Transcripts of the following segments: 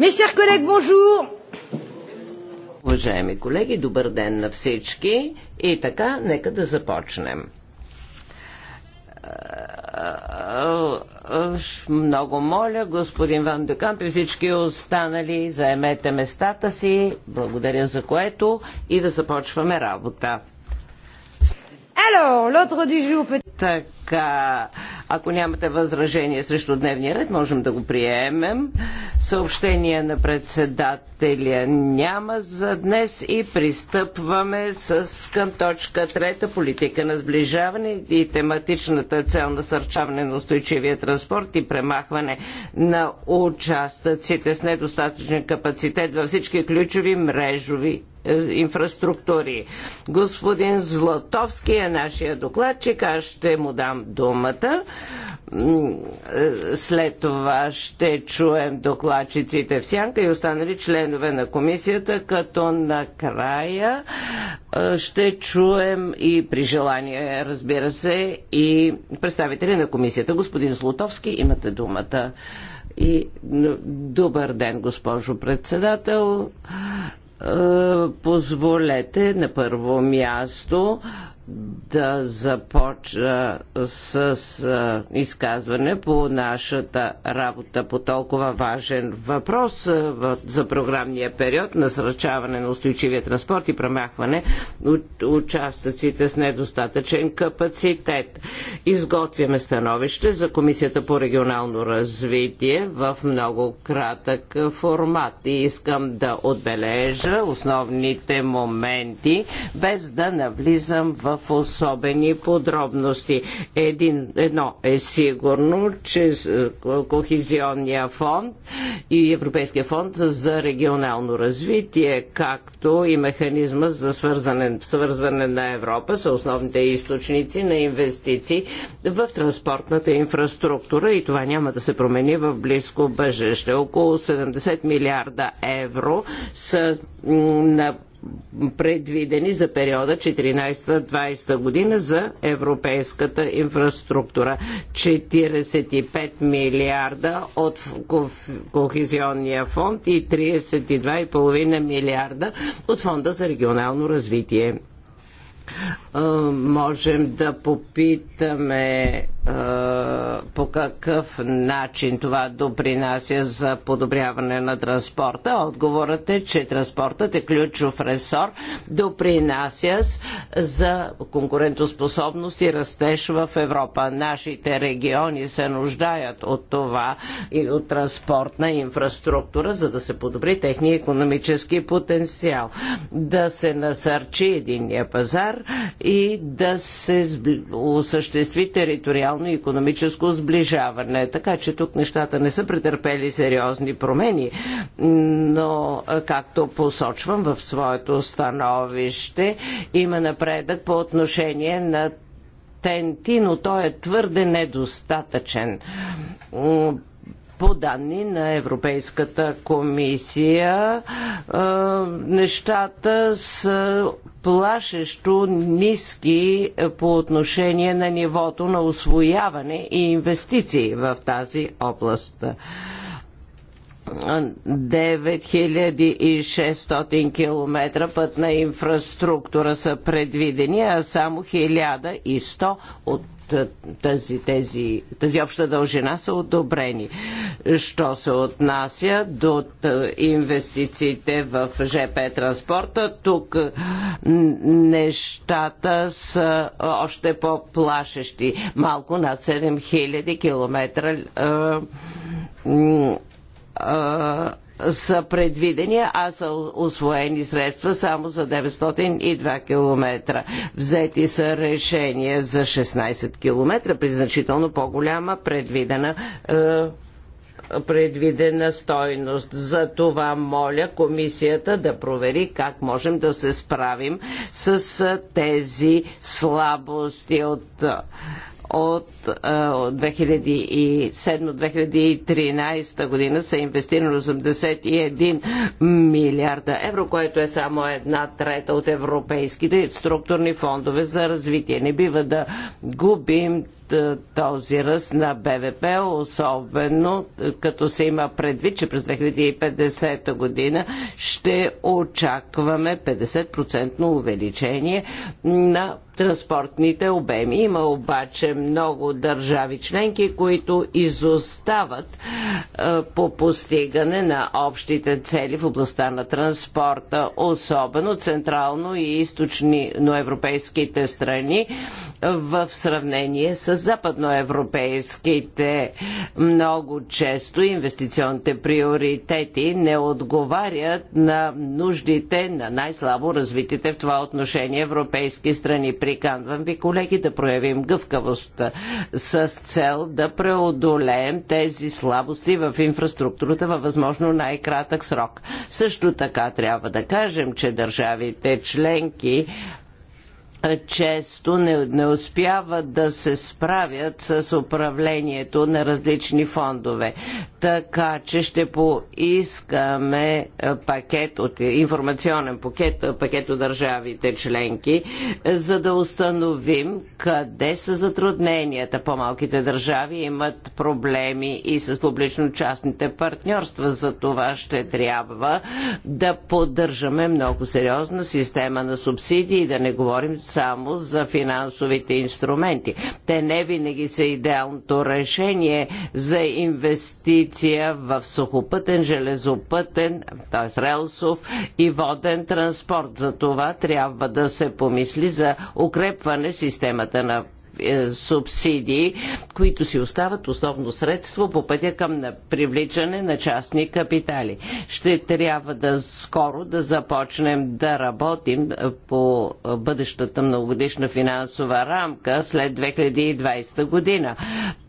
Mes колег, collègues, Уважаеми колеги, добър ден на всички и така, нека да започнем. Много моля, господин Ван Дюкамп и всички останали, заемете местата си, благодаря за което и да започваме работа. Alors, l'ordre du jour peut... Така, ако нямате възражение срещу дневния ред, можем да го приемем. Съобщение на председателя няма за днес и пристъпваме с към точка трета политика на сближаване и тематичната цел на сърчаване на устойчивия транспорт и премахване на участъците с недостатъчен капацитет във всички ключови мрежови е, инфраструктури. Господин Златовски е нашия докладчик, аз ще му дам думата след това ще чуем докладчиците в сянка и останали членове на комисията, като накрая ще чуем и при желание, разбира се, и представители на комисията. Господин Слутовски, имате думата. И добър ден, госпожо председател позволете на първо място да започна с изказване по нашата работа по толкова важен въпрос за програмния период насръчаване на устойчивия транспорт и премахване от участъците с недостатъчен капацитет. Изготвяме становище за Комисията по регионално развитие в много кратък формат и искам да отбележа основните моменти, без да навлизам в особени подробности. Един, едно е сигурно, че е, Кохизионния фонд и Европейския фонд за регионално развитие, както и механизма за свързване, свързване на Европа са основните източници на инвестиции в транспортната инфраструктура и това няма да се промени в близко бъжеще. Около 70 милиарда евро са на предвидени за периода 14-20 година за европейската инфраструктура. 45 милиарда от Кохезионния фонд и 32,5 милиарда от Фонда за регионално развитие можем да попитаме по какъв начин това допринася за подобряване на транспорта. Отговорът е, че транспортът е ключов ресор, допринася за конкурентоспособност и растеж в Европа. Нашите региони се нуждаят от това и от транспортна инфраструктура, за да се подобри техния економически потенциал. Да се насърчи единния пазар и да се осъществи териториално и економическо сближаване. Така че тук нещата не са претърпели сериозни промени, но както посочвам в своето становище, има напредък по отношение на Тенти, но той е твърде недостатъчен. По данни на Европейската комисия нещата са плашещо ниски по отношение на нивото на освояване и инвестиции в тази област. 9600 км пътна инфраструктура са предвидени, а само 1100 от е, тази, тези, тази обща дължина са одобрени. Що се отнася до е, инвестициите в ЖП транспорта, тук е, нещата са още по-плашещи. Малко над 7000 км са предвидени, а са освоени средства само за 902 км. Взети са решения за 16 км при значително по-голяма предвидена е, предвидена стойност. За това моля комисията да провери как можем да се справим с е, тези слабости от е, от 2007-2013 година са инвестирани 81 милиарда евро, което е само една трета от европейските структурни фондове за развитие. Не бива да губим е, този ръст на БВП, особено е, като се има предвид, че през 2050 година ще очакваме 50% увеличение на транспортните обеми. Има обаче много държави членки, които изостават е, по постигане на общите цели в областта на транспорта, особено централно и източни, но европейските страни в сравнение с западноевропейските. Много често инвестиционните приоритети не отговарят на нуждите на най-слабо развитите в това отношение европейски страни. Приканвам ви, колеги, да проявим гъвкавост с цел да преодолеем тези слабости в инфраструктурата във възможно най-кратък срок. Също така трябва да кажем, че държавите членки често не, не успяват да се справят с управлението на различни фондове. Така че ще поискаме е, пакет от информационен пакет, е, пакет от държавите членки, е, за да установим къде са затрудненията. По-малките държави имат проблеми и с публично-частните партньорства. За това ще трябва да поддържаме много сериозна система на субсидии, да не говорим само за финансовите инструменти. Те не винаги са идеалното решение за инвестиция в сухопътен, железопътен, т.е. релсов и воден транспорт. За това трябва да се помисли за укрепване системата на е, субсидии, които си остават основно средство по пътя към привличане на частни капитали. Ще трябва да скоро да започнем да работим е, по бъдещата многогодишна финансова рамка след 2020 година.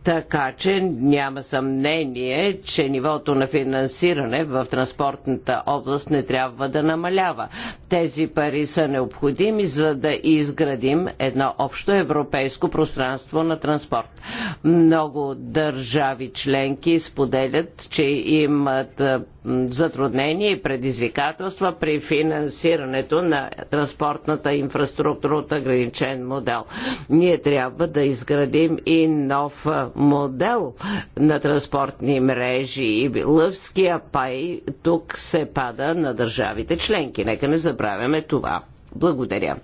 Така че няма съмнение, че нивото на финансиране в транспортната област не трябва да намалява. Тези пари са необходими, за да изградим едно общо европейско пространство на транспорт. Много държави членки споделят, че имат затруднения и предизвикателства при финансирането на транспортната инфраструктура от ограничен модел. Ние трябва да изградим и нов модел на транспортни мрежи и Лъвския пай тук се пада на държавите членки. Нека не забравяме това. Благодаря.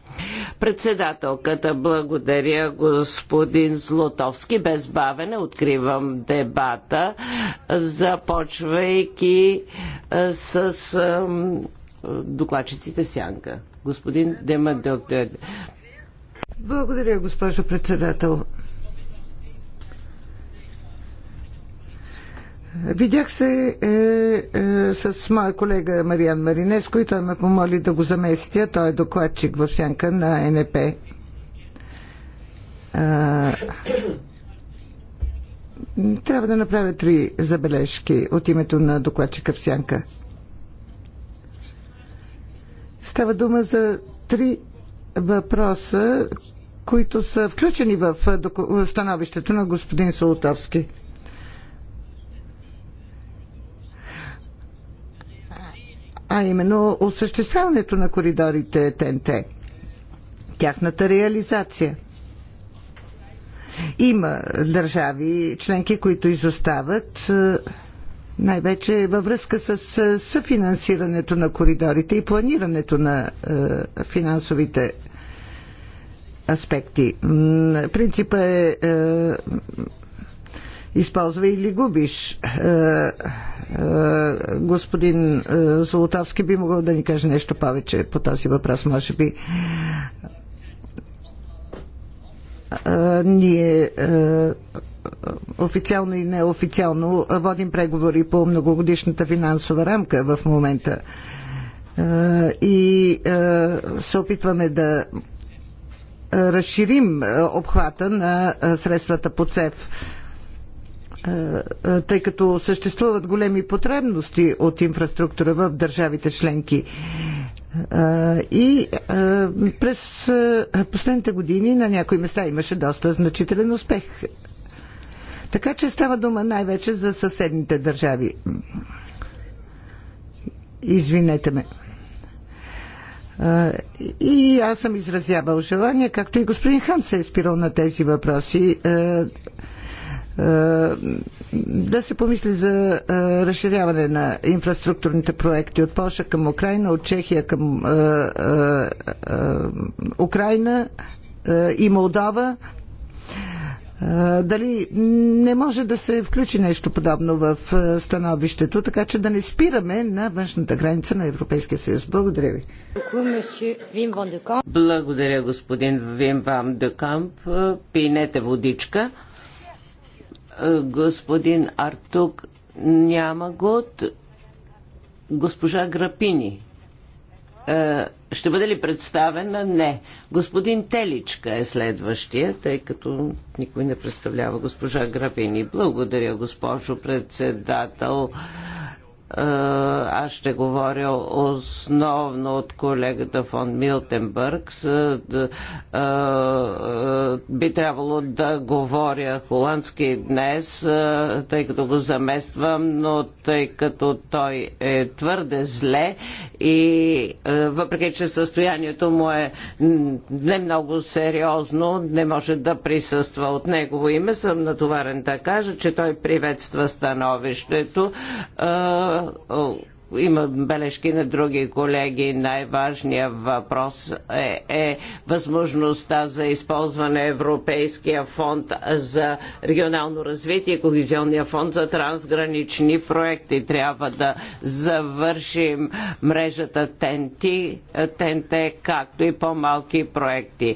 Председателката, благодаря господин Злотовски. Без бавене откривам дебата, започвайки с докладчиците Сянка. Господин Демадок. Благодаря, госпожо председател. Видях се е, е, с моя колега Мариан Маринес, който ме помоли да го заместя. Той е докладчик в сянка на НП. Е, трябва да направя три забележки от името на докладчика в сянка. Става дума за три въпроса, които са включени в становището на господин Солотовски. а именно осъществяването на коридорите ТНТ, тяхната реализация. Има държави, членки, които изостават е, най-вече във връзка с е, съфинансирането на коридорите и планирането на е, финансовите аспекти. Принципът е използва или губиш. Е, е, господин е, Золотавски би могъл да ни каже нещо повече по този въпрос, може би. Ние официално и неофициално водим преговори по многогодишната финансова рамка в момента и се опитваме да разширим обхвата на средствата по ЦЕФ. Е, е, тъй като съществуват големи потребности от инфраструктура в държавите членки. Е, и през последните години на някои места имаше доста значителен успех. Така че става дума най-вече за съседните държави. Извинете ме. И аз съм изразявал желание, както и господин Хан се е спирал на тези въпроси е, да се помисли за е, разширяване на инфраструктурните проекти от Польша към Украина, от Чехия към е, Украина и Молдова. Дали не може да се включи нещо подобно в становището, така че да не спираме на външната граница на Европейския съюз? Благодаря ви. Благодаря, господин Вим Вам Декамп. Пинете водичка. Господин Артук няма го. Госпожа Грапини. Е, ще бъде ли представена? Не. Господин Теличка е следващия, тъй като никой не представлява госпожа Грапини. Благодаря, госпожо председател. Е, аз ще говоря основно от колегата фон Милтенбърг. Е, е, би трябвало да говоря холандски днес, тъй като го замествам, но тъй като той е твърде зле и въпреки, че състоянието му е не много сериозно, не може да присъства от негово име, съм натоварен да кажа, че той приветства становището е, има бележки на други колеги. Най-важният въпрос е, е възможността за използване Европейския фонд за регионално развитие и фонд за трансгранични проекти. Трябва да завършим мрежата ТНТ, ТНТ, както и по-малки проекти. Е,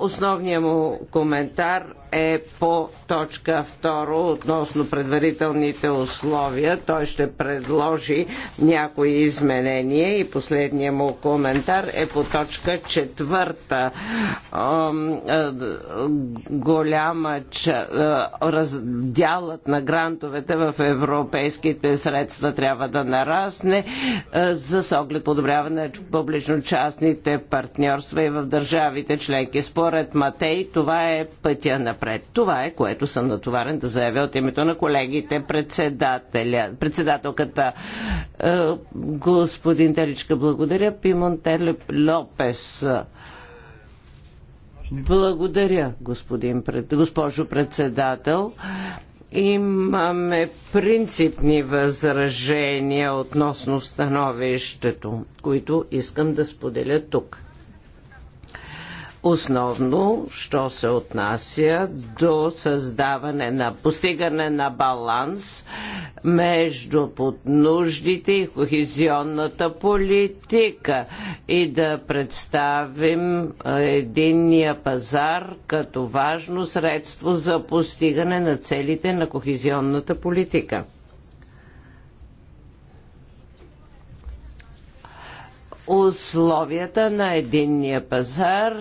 основният му коментар е по точка 2 относно предварителните условия. Той ще предложи някои изменения и последния му коментар е по точка 4. Е, голяма е, дялът на грантовете в европейските средства трябва да нарасне е, за с оглед подобряване на публично-частните партньорства и в държавите членки. Според Матей това е пътя напред напред. Това е, което съм натоварен да заявя от името на колегите, председателя, председателката. Е, господин Теличка, благодаря. Пимон Телеп Лопес. Благодаря, господин, госпожо председател. Имаме принципни възражения относно становището, които искам да споделя тук. Основно, що се отнася до създаване на постигане на баланс между поднуждите нуждите и кохезионната политика и да представим единния пазар като важно средство за постигане на целите на кохезионната политика. Условията на единния пазар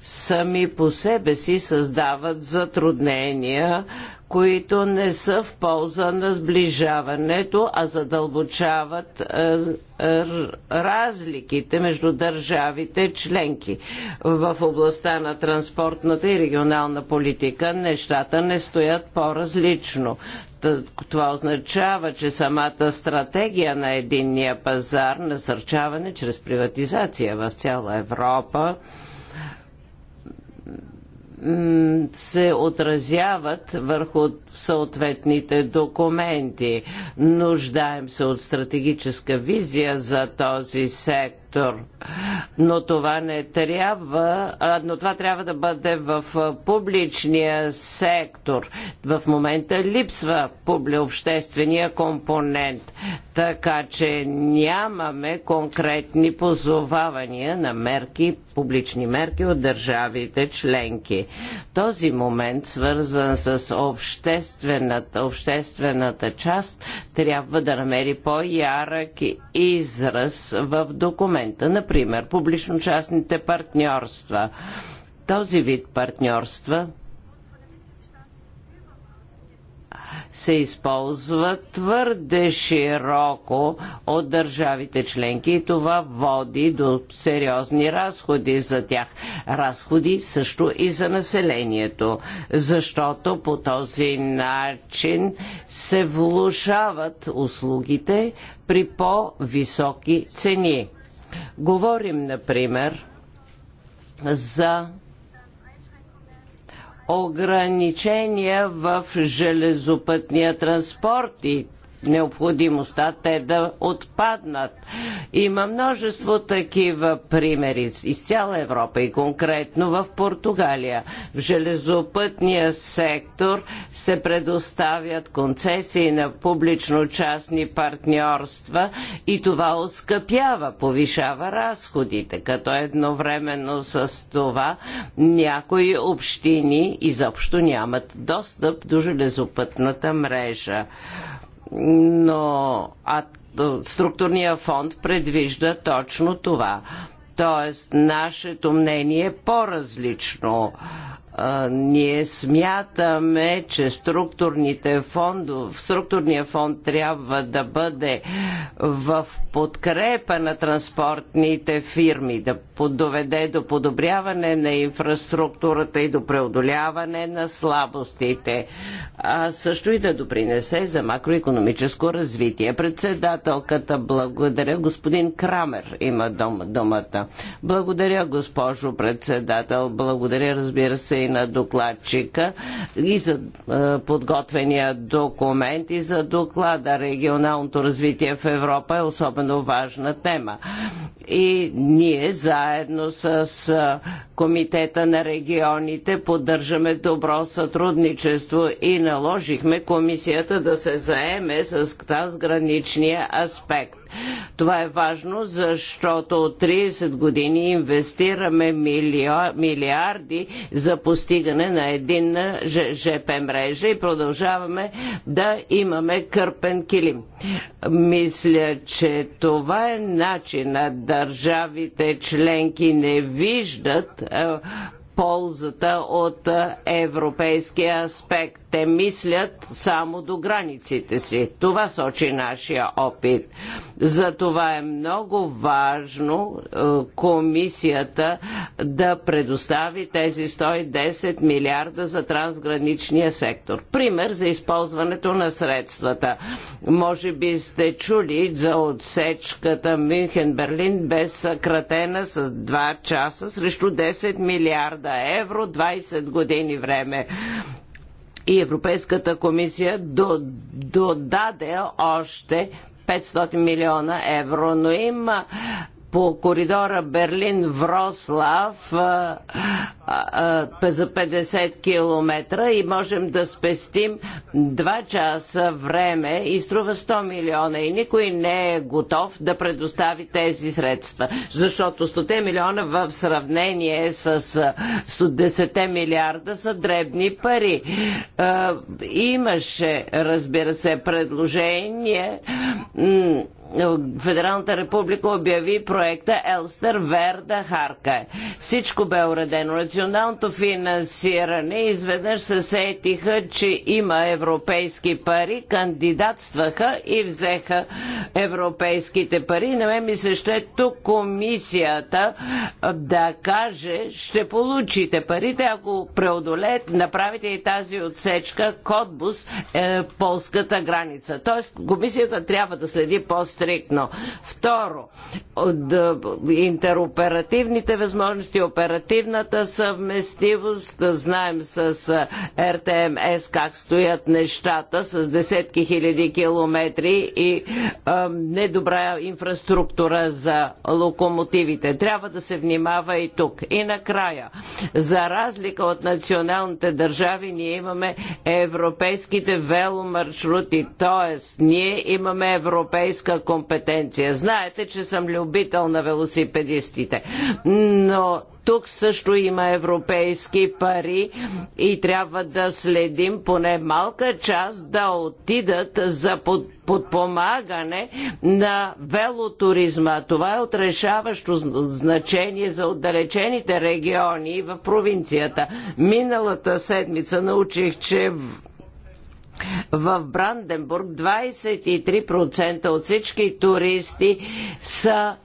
сами по себе си създават затруднения, които не са в полза на сближаването, а задълбочават е, е, разликите между държавите членки. В областта на транспортната и регионална политика нещата не стоят по-различно това означава, че самата стратегия на единния пазар, насърчаване чрез приватизация в цяла Европа, се отразяват върху съответните документи. Нуждаем се от стратегическа визия за този сектор сектор. Но това не трябва, но това трябва да бъде в публичния сектор. В момента липсва обществения компонент, така че нямаме конкретни позовавания на мерки, публични мерки от държавите членки. Този момент, свързан с обществената, обществената част, трябва да намери по-ярък израз в документ момента. Например, публично-частните партньорства. Този вид партньорства се използва твърде широко от държавите членки и това води до сериозни разходи за тях. Разходи също и за населението, защото по този начин се влушават услугите при по-високи цени. Говорим, например, за ограничения в железопътния транспорт и необходимостта те да отпаднат. Има множество такива примери из цяла Европа и конкретно в Португалия. В железопътния сектор се предоставят концесии на публично-частни партньорства и това оскъпява, повишава разходите, като едновременно с това някои общини изобщо нямат достъп до железопътната мрежа но а, структурния фонд предвижда точно това. Тоест, нашето мнение е по-различно а, ние смятаме, че структурните фондов, структурния фонд трябва да бъде в подкрепа на транспортните фирми, да доведе до подобряване на инфраструктурата и до преодоляване на слабостите, а също и да допринесе за макроекономическо развитие. Председателката благодаря. Господин Крамер има дом, думата. Благодаря, госпожо председател. Благодаря, разбира се, и на докладчика и за подготвения документ и за доклада. Регионалното развитие в Европа е особено важна тема. И ние заедно с Комитета на регионите поддържаме добро сътрудничество и наложихме комисията да се заеме с трансграничния аспект това е важно, защото от 30 години инвестираме милиарди за постигане на единна ЖП мрежа и продължаваме да имаме кърпен килим. Мисля, че това е начинът държавите членки не виждат ползата от европейския аспект. Те мислят само до границите си. Това сочи нашия опит. Затова е много важно е, комисията да предостави тези 110 милиарда за трансграничния сектор. Пример за използването на средствата. Може би сте чули за отсечката Мюнхен-Берлин бе съкратена с 2 часа срещу 10 милиарда евро, 20 години време и Европейската комисия додаде още 500 милиона евро, но има по коридора Берлин-Врослав за 50 км и можем да спестим 2 часа време и струва 100 милиона и никой не е готов да предостави тези средства, защото 100 милиона в сравнение с 10 милиарда са дребни пари. Имаше, разбира се, предложение Федералната република обяви проекта Елстър Верда Харка. Всичко бе уредено. Националното финансиране изведнъж се сетиха, че има европейски пари, кандидатстваха и взеха европейските пари. На мен ми се ще тук комисията да каже, ще получите парите, ако преодолеете, направите и тази отсечка Котбус, е, полската граница. Тоест комисията трябва да следи пост стриктно. Второ, интероперативните възможности, оперативната да знаем с е, РТМС как стоят нещата с десетки хиляди километри и а, недобра инфраструктура за локомотивите. Трябва да се внимава и тук. И накрая, за разлика от националните държави, ние имаме европейските веломаршрути, т.е. ние имаме европейска компетенция. Знаете, че съм любител на велосипедистите, но тук също има европейски пари и трябва да следим поне малка част да отидат за подпомагане на велотуризма. Това е отрешаващо значение за отдалечените региони в провинцията. Миналата седмица научих, че в в Бранденбург 23% от всички туристи са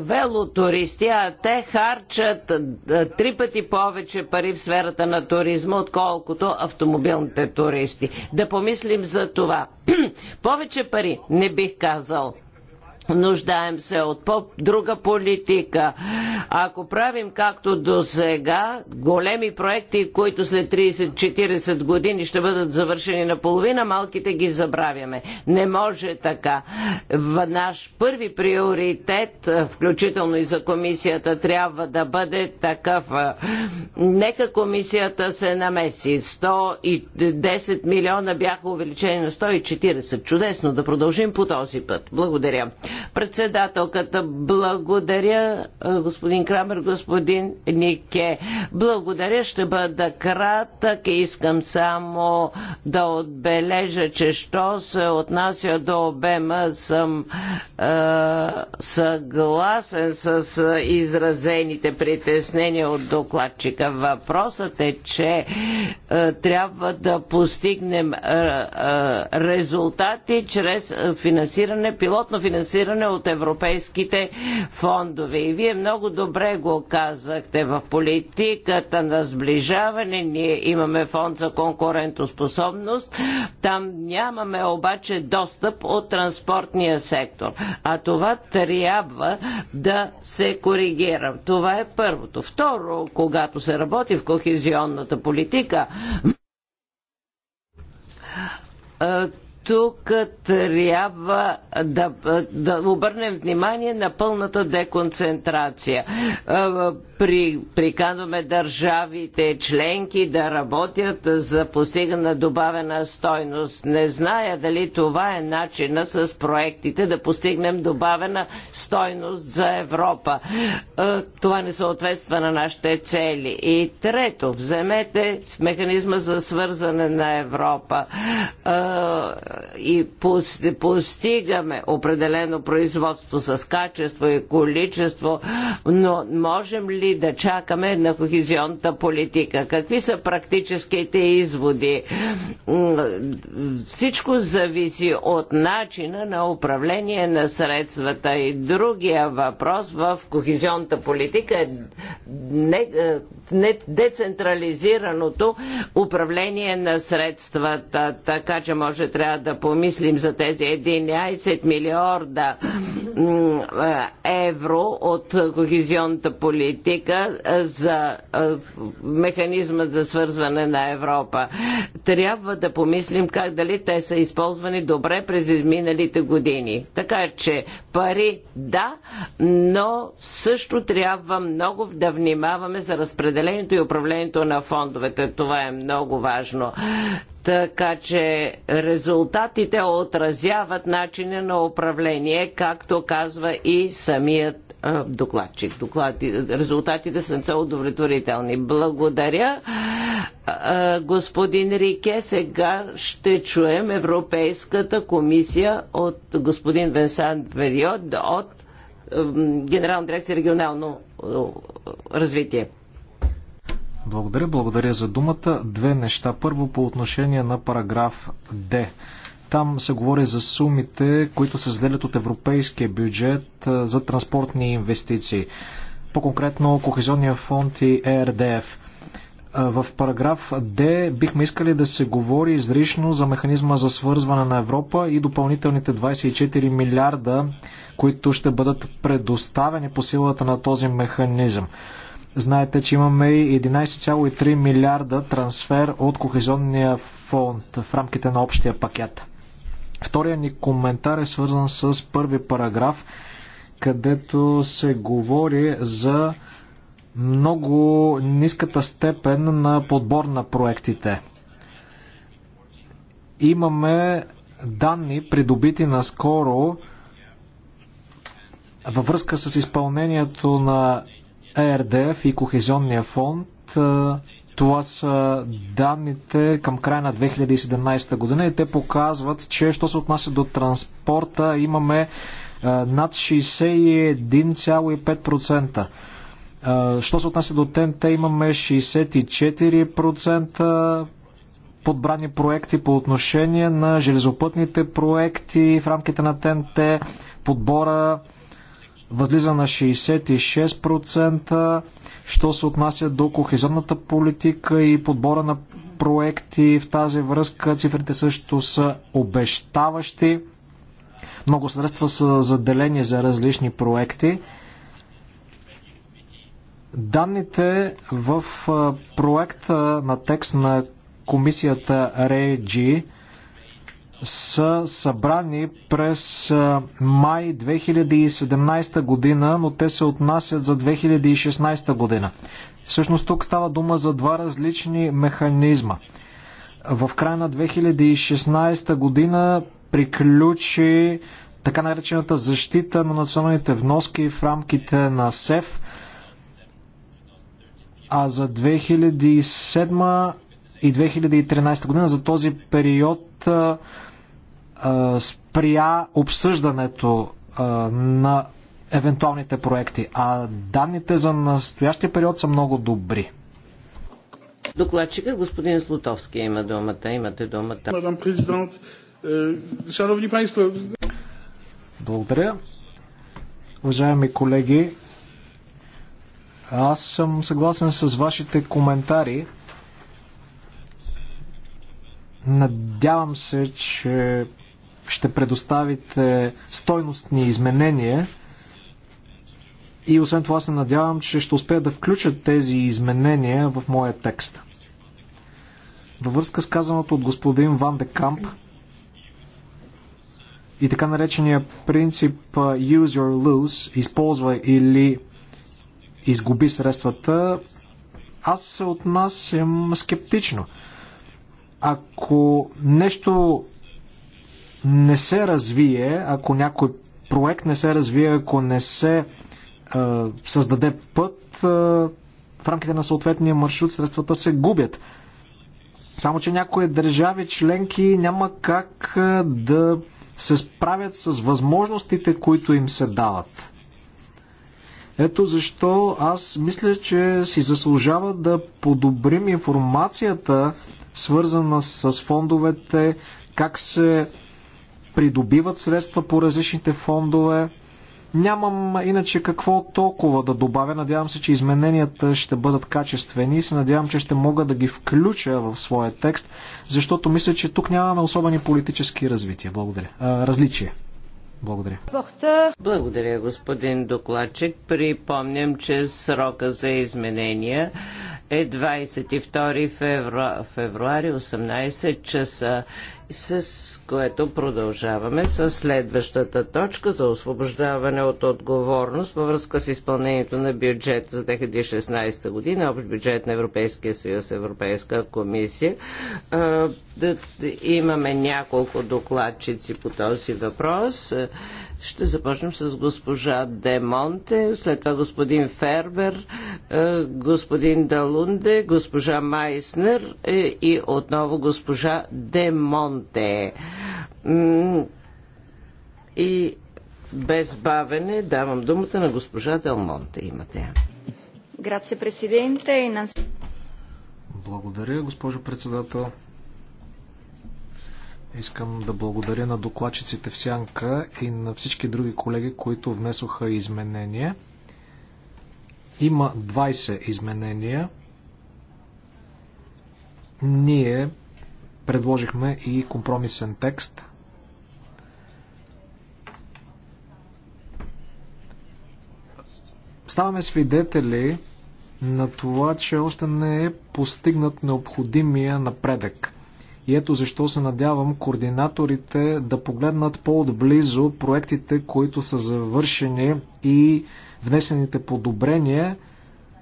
велотуристи, а те харчат три пъти повече пари в сферата на туризма, отколкото автомобилните туристи. Да помислим за това. повече пари, не бих казал. Нуждаем се от по-друга политика. Ако правим както до сега, големи проекти, които след 30-40 години ще бъдат завършени наполовина, малките ги забравяме. Не може така. В наш първи приоритет, включително и за комисията, трябва да бъде такъв. Нека комисията се намеси. 110 милиона бяха увеличени на 140. Чудесно да продължим по този път. Благодаря. Председателката, благодаря господин Крамер, господин Нике. Благодаря, ще бъда кратък. и Искам само да отбележа, че що се отнася до обема, съм е, съгласен с изразените притеснения от докладчика. Въпросът е, че е, трябва да постигнем е, резултати чрез финансиране, пилотно финансиране финансиране от европейските фондове. И вие много добре го казахте в политиката на сближаване. Ние имаме фонд за конкурентоспособност. Там нямаме обаче достъп от транспортния сектор. А това трябва да се коригира. Това е първото. Второ, когато се работи в кохезионната политика, тук трябва да, да обърнем внимание на пълната деконцентрация. Е, при, приканваме държавите членки да работят за постигана на добавена стойност. Не зная дали това е начина с проектите да постигнем добавена стойност за Европа. Е, това не съответства на нашите цели. И трето, вземете механизма за свързане на Европа е, и постигаме определено производство с качество и количество, но можем ли да чакаме на кохезионната политика? Какви са практическите изводи? Всичко зависи от начина на управление на средствата и другия въпрос в кохезионната политика е не, не децентрализираното управление на средствата, така че може трябва да помислим за тези 11 милиарда евро от кохезионната политика за механизма за свързване на Европа. Трябва да помислим как дали те са използвани добре през изминалите години. Така е, че пари да, но също трябва много да внимаваме за разпределението и управлението на фондовете. Това е много важно. Така че резултатите отразяват начина на управление, както казва и самият докладчик. Доклади, резултатите са удовлетворителни. Благодаря. господин Рике, сега ще чуем Европейската комисия от господин Венсан Вериод, от Генерална дирекция регионално развитие. Благодаря, благодаря за думата. Две неща. Първо по отношение на параграф Д. Там се говори за сумите, които се заделят от европейския бюджет за транспортни инвестиции. По-конкретно Кохезионния фонд и ЕРДФ. В параграф Д бихме искали да се говори изрично за механизма за свързване на Европа и допълнителните 24 милиарда, които ще бъдат предоставени по силата на този механизъм. Знаете, че имаме и 11,3 милиарда трансфер от кохезионния фонд в рамките на общия пакет. Втория ни коментар е свързан с първи параграф, където се говори за много ниската степен на подбор на проектите. Имаме данни, придобити наскоро във връзка с изпълнението на ЕРДФ и Кохезионния фонд. Това са данните към края на 2017 година и те показват, че що се отнася до транспорта, имаме над 61,5%. Що се отнася до ТНТ, имаме 64% подбрани проекти по отношение на железопътните проекти в рамките на ТНТ, подбора възлиза на 66%, що се отнася до кохезионната политика и подбора на проекти в тази връзка. Цифрите също са обещаващи. Много средства са заделени за различни проекти. Данните в проекта на текст на комисията Реджи са събрани през май 2017 година, но те се отнасят за 2016 година. Всъщност тук става дума за два различни механизма. В края на 2016 година приключи така наречената защита на националните вноски в рамките на СЕФ, а за 2007 и 2013 година за този период спря обсъждането на евентуалните проекти, а данните за настоящия период са много добри. Докладчика господин Слутовски има думата. Имате думата. Мадам президент, е, шановни панство. Благодаря. Уважаеми колеги, аз съм съгласен с вашите коментари. Надявам се, че ще предоставите стойностни изменения. И освен това се надявам, че ще успея да включа тези изменения в моя текст. Във връзка с казаното от господин Ван де Камп и така наречения принцип use or lose, използвай или изгуби средствата, аз се отнасям скептично. Ако нещо не се развие, ако някой проект не се развие, ако не се е, създаде път е, в рамките на съответния маршрут, средствата се губят. Само, че някои държави членки няма как да се справят с възможностите, които им се дават. Ето защо аз мисля, че си заслужава да подобрим информацията, свързана с фондовете, как се придобиват средства по различните фондове. Нямам иначе какво толкова да добавя. Надявам се, че измененията ще бъдат качествени и се надявам, че ще мога да ги включа в своя текст, защото мисля, че тук нямаме особени политически развития. Благодаря. А, различия. Благодаря. Благодаря, господин докладчик. Припомням, че срока за изменения е 22 февруари 18 часа, с което продължаваме с следващата точка за освобождаване от отговорност във връзка с изпълнението на бюджет за 2016 година, общ бюджет на Европейския съюз, Европейска комисия. Имаме няколко докладчици по този въпрос. Ще започнем с госпожа Демонте, след това господин Фербер, е, господин Далунде, госпожа Майснер е, и отново госпожа Монте. И без бавене давам думата на госпожа Делмонте. Имате. Грация, Благодаря, госпожо председател. Искам да благодаря на докладчиците в Сянка и на всички други колеги, които внесоха изменения. Има 20 изменения. Ние предложихме и компромисен текст. Ставаме свидетели на това, че още не е постигнат необходимия напредък и ето защо се надявам координаторите да погледнат по-отблизо проектите, които са завършени и внесените подобрения.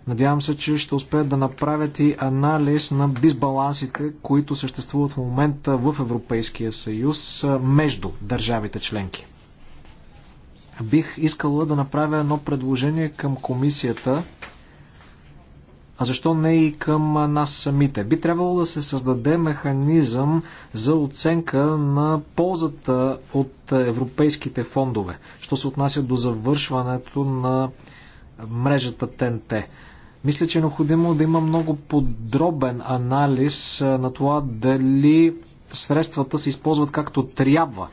Надявам се, че ще успеят да направят и анализ на дисбалансите, които съществуват в момента в Европейския съюз между държавите членки. Бих искала да направя едно предложение към комисията а защо не и към нас самите? Би трябвало да се създаде механизъм за оценка на ползата от европейските фондове, що се отнася до завършването на мрежата ТНТ. Мисля, че е необходимо да има много подробен анализ на това дали средствата се използват както трябва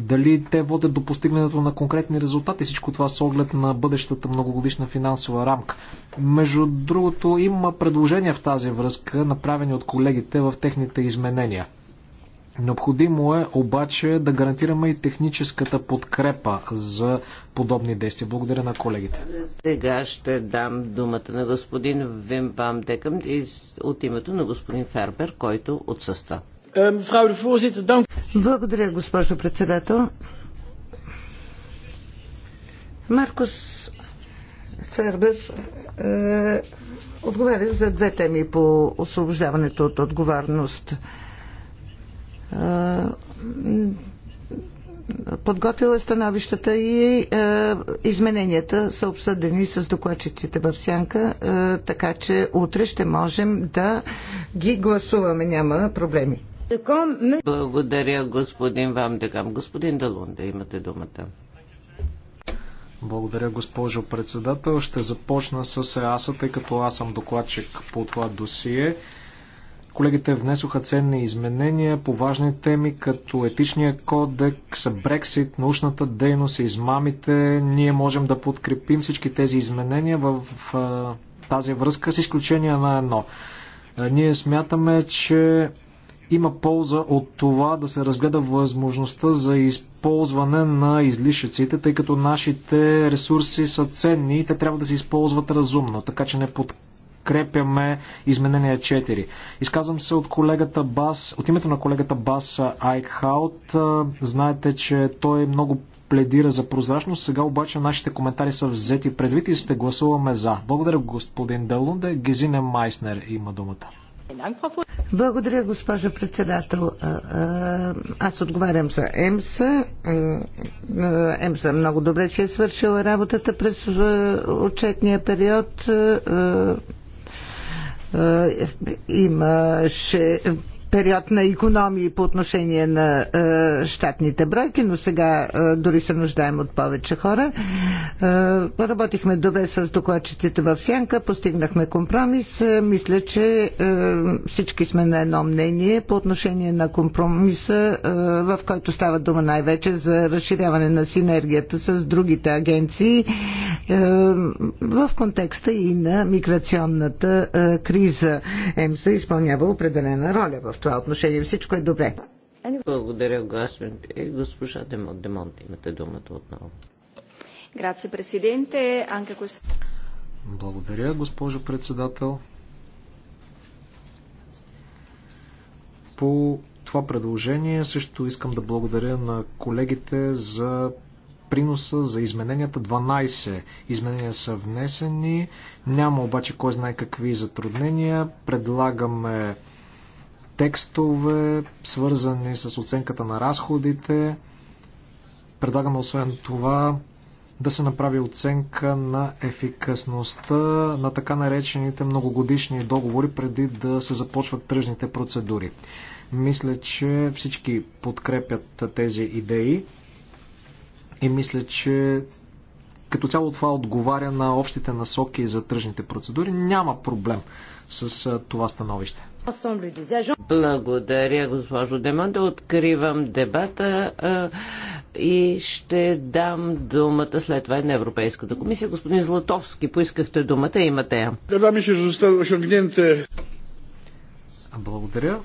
дали те водят до постигането на конкретни резултати. Всичко това с оглед на бъдещата многогодишна финансова рамка. Между другото, има предложения в тази връзка, направени от колегите в техните изменения. Необходимо е обаче да гарантираме и техническата подкрепа за подобни действия. Благодаря на колегите. Сега ще дам думата на господин Вим Бам Декъм от името на господин Фербер, който отсъства. Eh, mevrouw de voorzitter, dank. Благодаря, госпожо председател. Маркус Фербер е, отговаря за две теми по освобождаването от отговорност. Е, е, становищата и е, измененията са обсъдени с докладчиците в Сянка, е, така че утре ще можем да ги гласуваме. Няма проблеми. Благодаря, господин Вамдегам. Господин Далунда, имате думата. Благодаря, госпожо председател. Ще започна с ЕАСА, тъй като аз съм докладчик по това досие. Колегите внесоха ценни изменения по важни теми, като етичния кодекс, Брексит, научната дейност, измамите. Ние можем да подкрепим всички тези изменения в, в тази връзка, с изключение на едно. Ние смятаме, че има полза от това да се разгледа възможността за използване на излишъците, тъй като нашите ресурси са ценни и те трябва да се използват разумно, така че не подкрепяме изменение 4. Изказвам се от колегата Бас, от името на колегата Бас Айкхаут. Знаете, че той много пледира за прозрачност. Сега обаче нашите коментари са взети предвид и ще гласуваме за. Благодаря господин Далунде. Гезине Майснер има думата. Благодаря, госпожа председател. Аз отговарям за ЕМСА. ЕМСА много добре, че е свършила работата през отчетния период. Имаше период на економии по отношение на е, щатните бройки, но сега е, дори се нуждаем от повече хора. Е, работихме добре с докладчиците в Сянка, постигнахме компромис. Мисля, че всички сме на едно мнение по отношение на компромиса, в който става дума най-вече за разширяване на синергията с другите агенции е, в контекста и на миграционната е, криза. ЕМСА изпълнява определена роля в това отношение. Всичко е добре. Благодаря, господин. Е, госпожа Демонт, Демонт, имате думата отново. Грация, президенте. Анка Благодаря, госпожо председател. По това предложение също искам да благодаря на колегите за приноса, за измененията. 12 изменения са внесени. Няма обаче кой знае какви затруднения. Предлагаме текстове, свързани с оценката на разходите. Предлагаме освен това да се направи оценка на ефикасността на така наречените многогодишни договори преди да се започват тръжните процедури. Мисля, че всички подкрепят тези идеи. И мисля, че като цяло това отговаря на общите насоки за тръжните процедури. Няма проблем с това становище. Благодаря, госпожо Деман. Да откривам дебата а, и ще дам думата след това на Европейската комисия. Господин Златовски, поискахте думата, имате я. Да, мисля, ще Благодаря.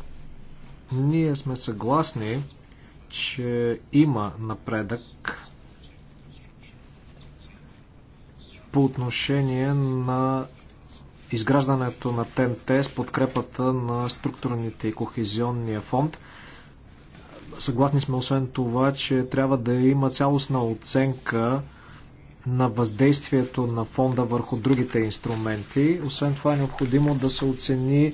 Ние сме съгласни, че има напредък по отношение на изграждането на ТНТ с подкрепата на структурните и кохезионния фонд. Съгласни сме освен това, че трябва да има цялостна оценка на въздействието на фонда върху другите инструменти. Освен това е необходимо да се оцени е,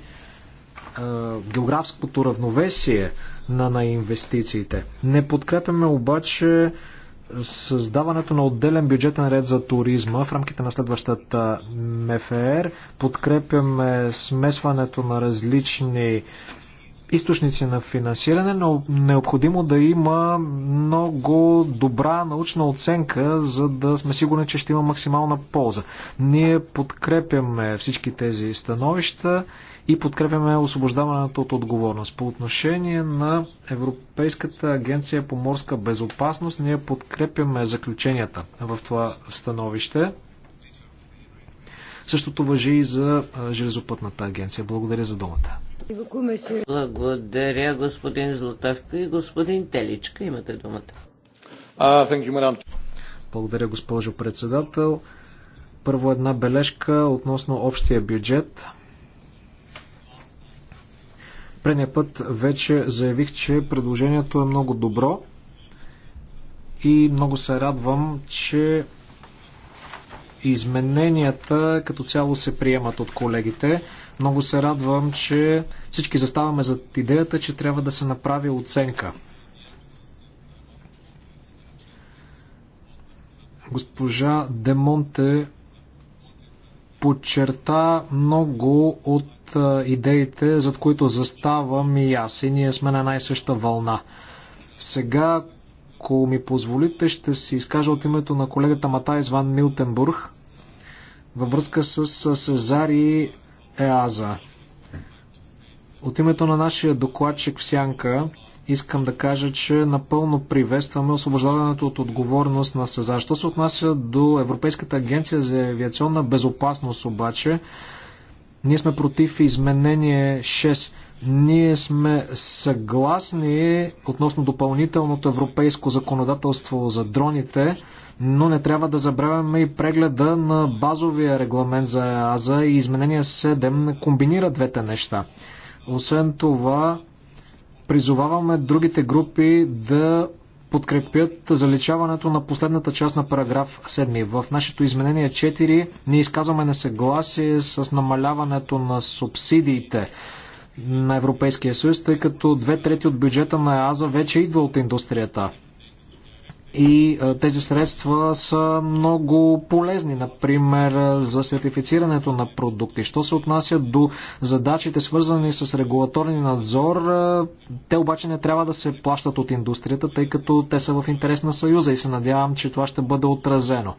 географското равновесие на, на инвестициите. Не подкрепяме обаче създаването на отделен бюджетен ред за туризма в рамките на следващата МФР. Подкрепяме смесването на различни източници на финансиране, но необходимо да има много добра научна оценка, за да сме сигурни, че ще има максимална полза. Ние подкрепяме всички тези становища и подкрепяме освобождаването от отговорност. По отношение на Европейската агенция по морска безопасност, ние подкрепяме заключенията в това становище. Същото въжи и за Железопътната агенция. Благодаря за думата. Благодаря, господин Златавка и господин Теличка. Имате думата. Благодаря, госпожо председател. Първо една бележка относно общия бюджет – Предния път вече заявих, че предложението е много добро и много се радвам, че измененията като цяло се приемат от колегите. Много се радвам, че всички заставаме зад идеята, че трябва да се направи оценка. Госпожа Демонте подчерта много от идеите, зад които заставам и аз. И ние сме на най-съща вълна. Сега, ако ми позволите, ще си изкажа от името на колегата Матай Зван Милтенбург във връзка с Сезари Еаза. От името на нашия докладчик в Сянка искам да кажа, че напълно приветстваме освобождаването от отговорност на СЕЗА. Що се отнася до Европейската агенция за авиационна безопасност обаче, ние сме против изменение 6. Ние сме съгласни относно допълнителното европейско законодателство за дроните, но не трябва да забравяме и прегледа на базовия регламент за АЗА и изменение 7 комбинира двете неща. Освен това, призоваваме другите групи да подкрепят заличаването на последната част на параграф 7. В нашето изменение 4 ние изказваме несъгласие с намаляването на субсидиите на Европейския съюз, тъй като две трети от бюджета на ЕАЗа вече идва от индустрията и тези средства са много полезни, например за сертифицирането на продукти. Що се отнася до задачите свързани с регулаторни надзор, те обаче не трябва да се плащат от индустрията, тъй като те са в интерес на Съюза и се надявам, че това ще бъде отразено.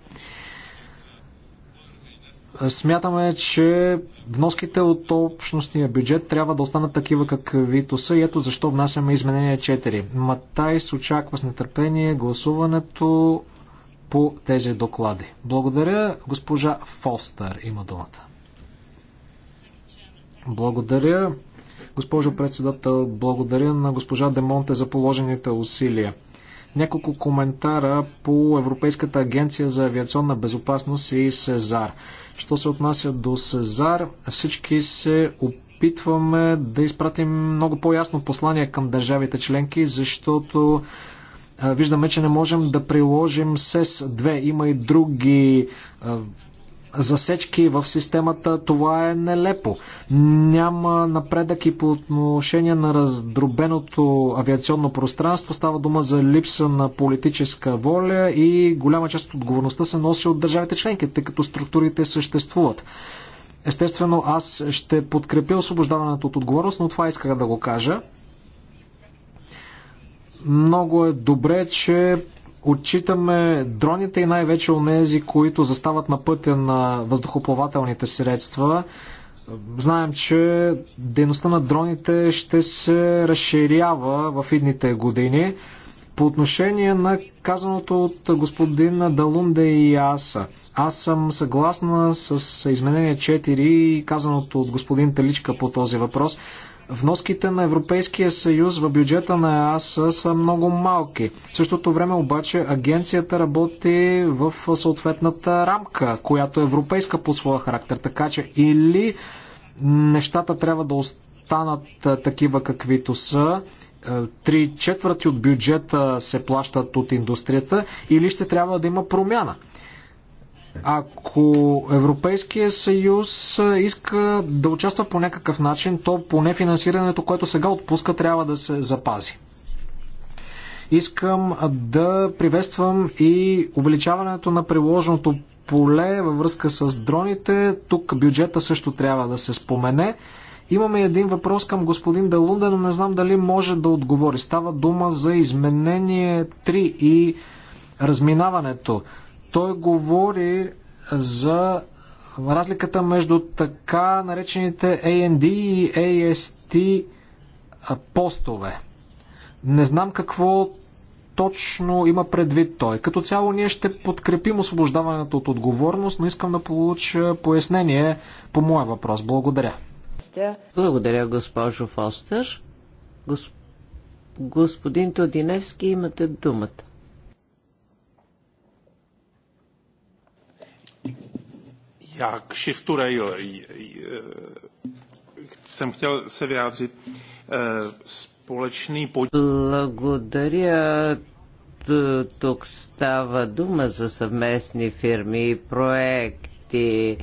Смятаме, че вноските от общностния бюджет трябва да останат такива каквито са и ето защо внасяме изменение 4. Матайс очаква с нетърпение гласуването по тези доклади. Благодаря. Госпожа Фостер има думата. Благодаря. Госпожо председател, благодаря на госпожа Демонте за положените усилия. Няколко коментара по Европейската агенция за авиационна безопасност и Сезар. Що се отнася до Сезар, всички се опитваме да изпратим много по-ясно послание към държавите членки, защото виждаме, че не можем да приложим СЕС-2. Има и други засечки в системата, това е нелепо. Няма напредък и по отношение на раздробеното авиационно пространство. Става дума за липса на политическа воля и голяма част от отговорността се носи от държавите членки, тъй като структурите съществуват. Естествено, аз ще подкрепя освобождаването от отговорност, но това исках да го кажа много е добре, че отчитаме дроните и най-вече онези, които застават на пътя на въздухоплавателните средства. Знаем, че дейността на дроните ще се разширява в идните години. По отношение на казаното от господин Далунде и Аса, аз съм съгласна с изменение 4 и казаното от господин Таличка по този въпрос. Вноските на Европейския съюз в бюджета на ЕАС са много малки. В същото време обаче агенцията работи в съответната рамка, която е европейска по своя характер. Така че или нещата трябва да останат такива каквито са, три четвърти от бюджета се плащат от индустрията или ще трябва да има промяна ако Европейския съюз иска да участва по някакъв начин, то поне финансирането, което сега отпуска, трябва да се запази. Искам да приветствам и увеличаването на приложеното поле във връзка с дроните. Тук бюджета също трябва да се спомене. Имаме един въпрос към господин Далунда, но не знам дали може да отговори. Става дума за изменение 3 и разминаването. Той говори за разликата между така наречените AND и AST постове. Не знам какво точно има предвид той. Като цяло ние ще подкрепим освобождаването от отговорност, но искам да получа пояснение по моя въпрос. Благодаря. Благодаря, госпожо Фостер. Господин Тодиневски, имате думата. Já k shiftu rail jsem chtěl se vyjádřit. E, Společný podíl. Благодаря. Тук става дума за съвместни фирми и проекти.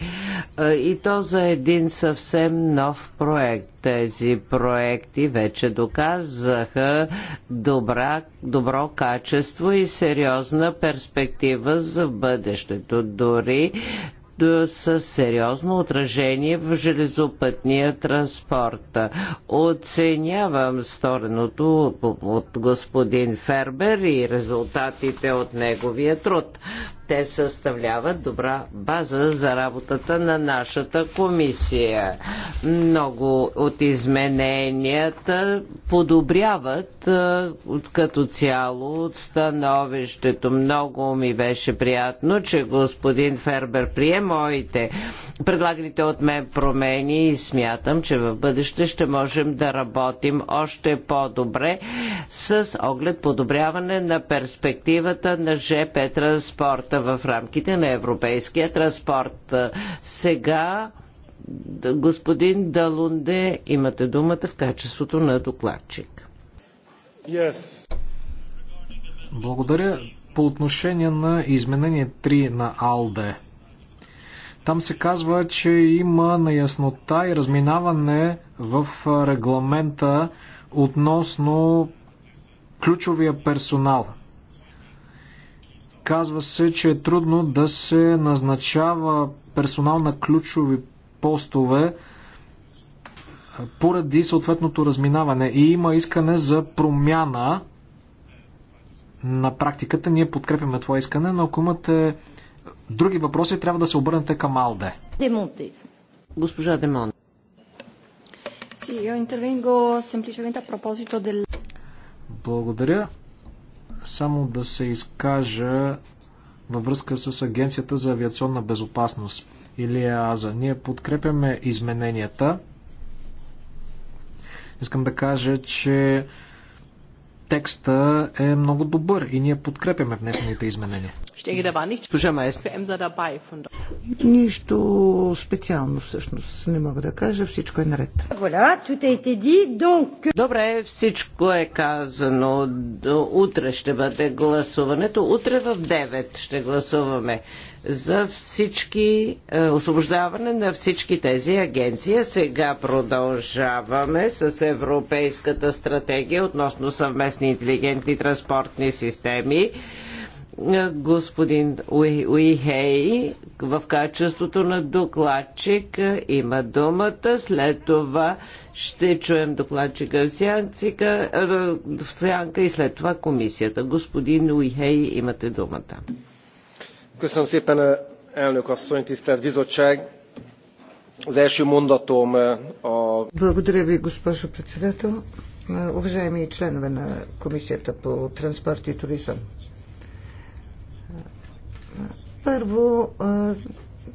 Е, и то за един съвсем нов проект. Тези проекти вече доказаха добра, добро качество и сериозна перспектива за бъдещето. Дори с сериозно отражение в железопътния транспорт. Оценявам стореното от господин Фербер и резултатите от неговия труд. Те съставляват добра база за работата на нашата комисия. Много от измененията подобряват като цяло становището. Много ми беше приятно, че господин Фербер прие моите предлаганите от мен промени и смятам, че в бъдеще ще можем да работим още по-добре с оглед подобряване на перспективата на ЖП транспорта транспорта в рамките на европейския транспорт. Сега господин Далунде, имате думата в качеството на докладчик. Yes. Благодаря по отношение на изменение 3 на АЛДЕ. Там се казва, че има наяснота и разминаване в регламента относно ключовия персонал Казва се, че е трудно да се назначава персонал на ключови постове поради съответното разминаване. И има искане за промяна на практиката. Ние подкрепяме това искане, но ако имате други въпроси, трябва да се обърнете към Алде. Демонти. Госпожа Демон. Благодаря само да се изкажа във връзка с Агенцията за авиационна безопасност или ААЗа. Ние подкрепяме измененията. Искам да кажа, че текста е много добър и ние подкрепяме внесените изменения. Госпожа Нищо специално всъщност не мога да кажа, всичко е наред. Добре, всичко е казано. Утре ще бъде гласуването. Утре в 9 ще гласуваме за всички е, освобождаване на всички тези агенции. Сега продължаваме с Европейската стратегия относно съвместни интелигентни транспортни системи господин Уихей в качеството на докладчик има думата. След това ще чуем докладчика в сянка, в сянка и след това комисията. Господин Уихей, имате думата. Köszönöm szépen, elnök asszony, tisztelt bizottság! Az első mondatom e, a... Благодаря ви, госпожо председател. Е, уважаеми членове на Комисията по транспорт и туризъм. Първо,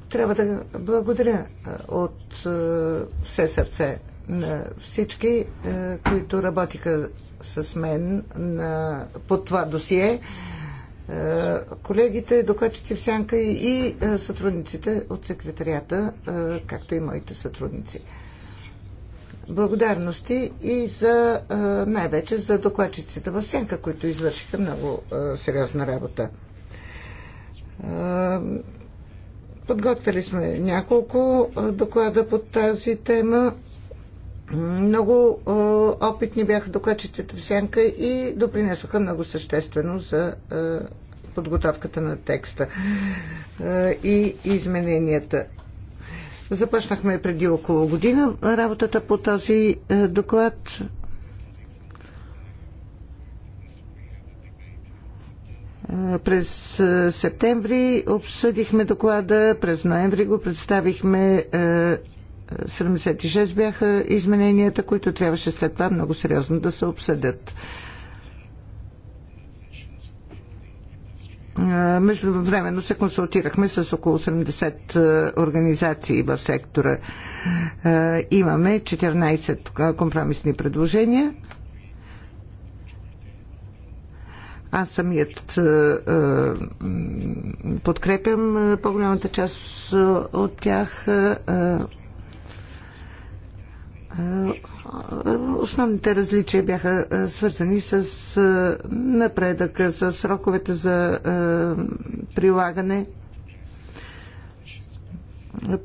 трябва да благодаря от все сърце на всички, които работиха с мен на, по това досие. Колегите, докладчици в Сянка и сътрудниците от секретарията, както и моите сътрудници. Благодарности и за най-вече за докладчиците в Сянка, които извършиха много сериозна работа. Е, подготвили сме няколко е, доклада под тази тема. Много е, опитни бяха докладчиците в сянка и допринесоха много съществено за подготовката на текста и измененията. Започнахме преди около година работата по този доклад. През септември обсъдихме доклада, през ноември го представихме. 76 бяха измененията, които трябваше след това много сериозно да се обсъдят. Междувременно се консултирахме с около 80 организации в сектора. Имаме 14 компромисни предложения. Аз самият е, е, подкрепям е, по-голямата част от тях. Основните различия бяха свързани с напредъка, с сроковете за прилагане.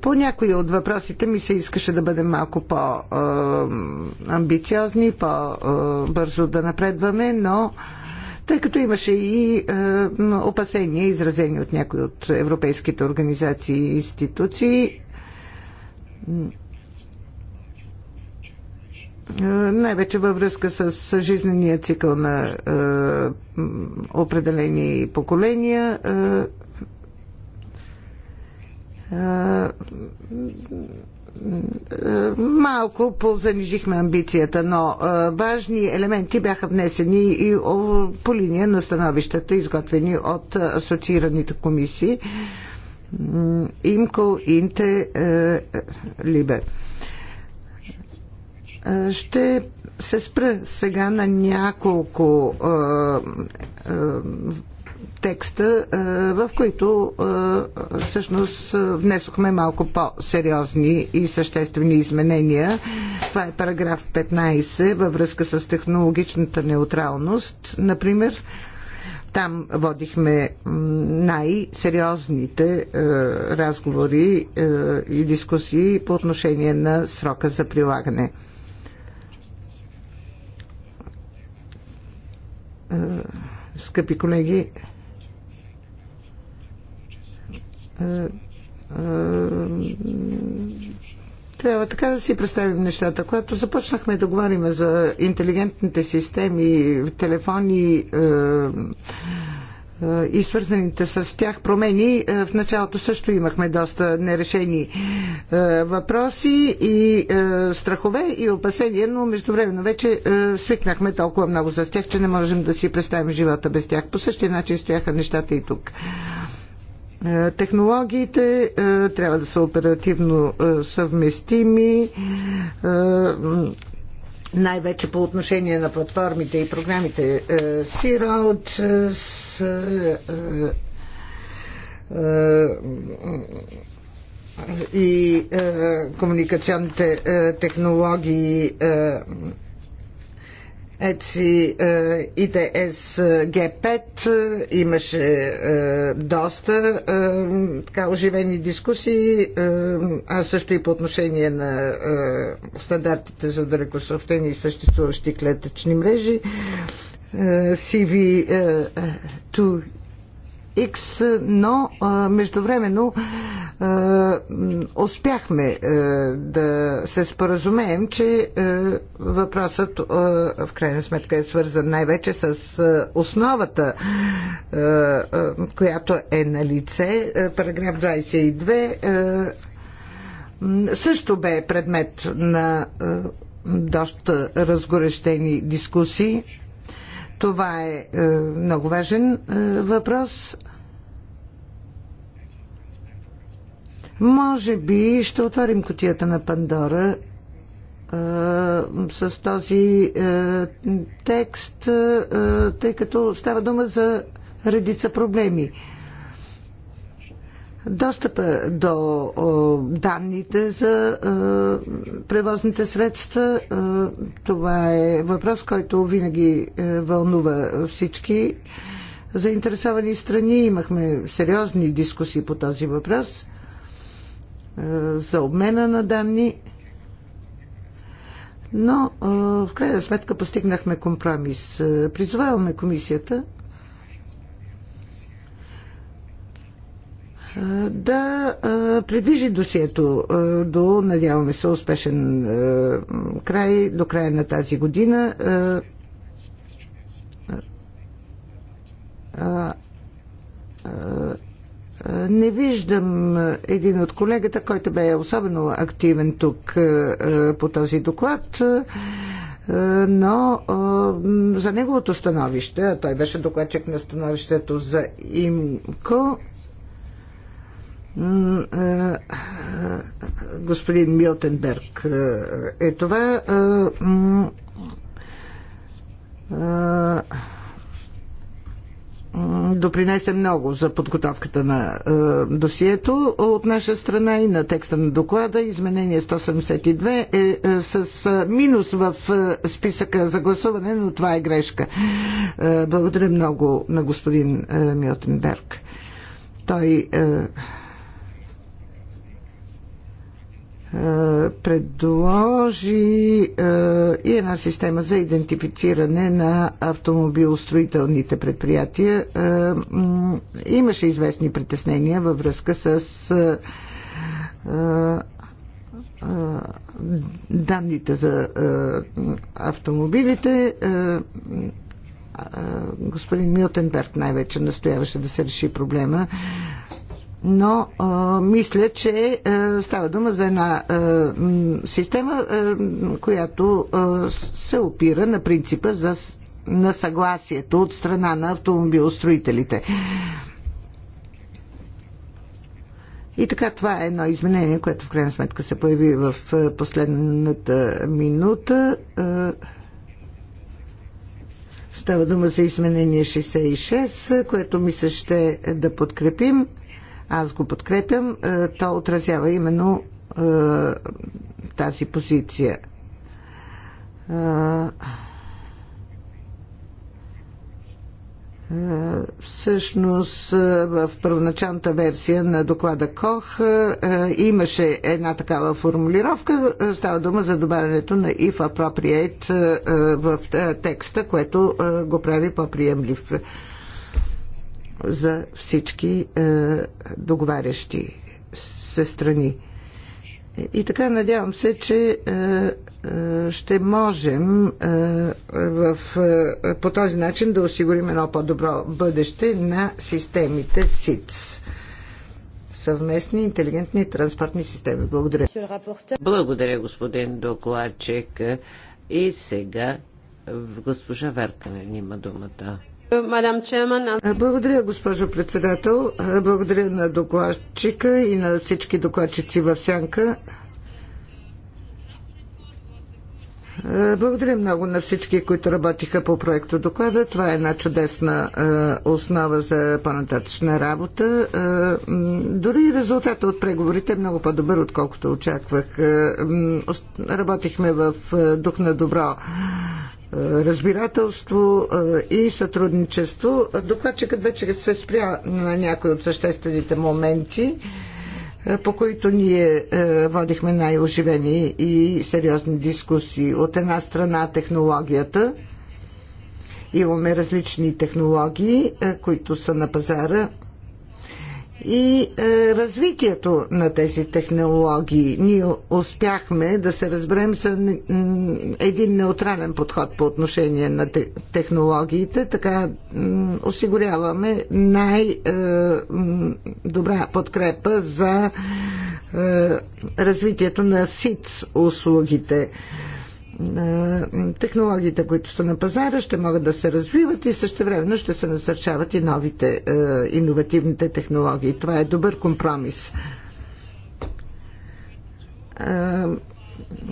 По някои от въпросите ми се искаше да бъдем малко по-амбициозни, по-бързо да напредваме, но тъй като имаше и е, опасения, изразени от някои от европейските организации и институции. най-вече във връзка с жизнения цикъл на е, определени поколения. Е, е, малко позанижихме амбицията, но важни елементи бяха внесени и по линия на становищата, изготвени от асоциираните комисии ИМКО, ИНТЕ, е, е, ЛИБЕ. Ще се спра сега на няколко текста, е, в които е, всъщност е, внесохме малко по-сериозни и съществени изменения. Това е параграф 15 във връзка с технологичната неутралност. Например, там водихме най-сериозните разговори и дискусии по отношение на срока за прилагане. скъпи колеги, е, е, трябва така да си представим нещата. Когато започнахме да говорим за интелигентните системи, телефони е, е, и свързаните с тях промени, е, в началото също имахме доста нерешени е, въпроси и страхове и опасения, но междувременно вече свикнахме толкова много с тях, че не можем да си представим живота без тях. По същия начин стояха нещата и тук. Е, технологиите е, трябва да са оперативно е, съвместими, най-вече по отношение на платформите и програмите c с и комуникационните технологии ЕЦИ ИТС Г5 имаше е, доста е, така оживени дискусии, е, а също и по отношение на стандартите за далекосъобщени и съществуващи клетъчни мрежи. CV2 X, но междувременно успяхме да се споразумеем, че въпросът в крайна сметка е свързан най-вече с основата, която е на лице. Параграф 22 също бе предмет на доста разгорещени дискусии. Това е, е много важен е, въпрос. Може би ще отворим котията на Пандора е, с този текст, тъй като става дума за редица проблеми. Достъпа до данните за превозните средства, това е въпрос, който винаги е, вълнува всички заинтересовани страни. Имахме сериозни дискусии по този въпрос е, за обмена на данни. Но в крайна сметка постигнахме компромис. Призоваваме комисията да предвижи досието до, надяваме се, успешен край, до края на тази година. Не виждам един от колегата, който бе особено активен тук по този доклад но за неговото становище, той беше докладчик на становището за ИМКО, господин Милтенберг е това допринесе много за подготовката на е, досието от наша страна и на текста на доклада. Изменение 172 е, е с е, минус в е, списъка за гласуване, но това е грешка. Е, благодаря много на господин е, Милтенберг. Той е, Е, предложи е, и една система за идентифициране на автомобилостроителните предприятия. Е, имаше известни притеснения във връзка с данните за автомобилите. Господин Милтенберг най-вече настояваше да се реши проблема но а, мисля, че а, става дума за една а, система, а, която а, се опира на принципа за, на съгласието от страна на автомобилостроителите. И така, това е едно изменение, което в крайна сметка се появи в последната минута. Става дума за изменение 66, което мисля ще да подкрепим. Аз го подкрепям. Е, то отразява именно е, тази позиция. Е, всъщност в първоначалната версия на доклада Кох имаше една такава формулировка. Става дума за добавянето на if appropriate в текста, което го прави по-приемлив за всички е, договарящи се страни. И така надявам се, че е, е, ще можем в, по този начин да осигурим едно по-добро бъдеще на системите СИЦ. Съвместни интелигентни транспортни системи. Благодаря. Благодаря, господин докладчик. И сега госпожа Верканен има думата. Благодаря, госпожо председател. Благодаря на докладчика и на всички докладчици в Сянка. Благодаря много на всички, които работиха по проекто доклада. Това е една чудесна основа за по-нататъчна работа. дори резултата от преговорите е много по-добър, отколкото очаквах. работихме в дух на добро разбирателство и сътрудничество. Докладчикът вече се спря на някои от съществените моменти, по които ние водихме най-оживени и сериозни дискусии. От една страна технологията. Имаме различни технологии, които са на пазара и е, развитието на тези технологии. Ние успяхме да се разберем с един неутрален подход по отношение на технологиите, така осигуряваме най-добра е, подкрепа за е, развитието на СИЦ услугите. Е, технологиите, които са на пазара, ще могат да се развиват и също времено ще се насърчават и новите иновативните технологии. Това е добър компромис.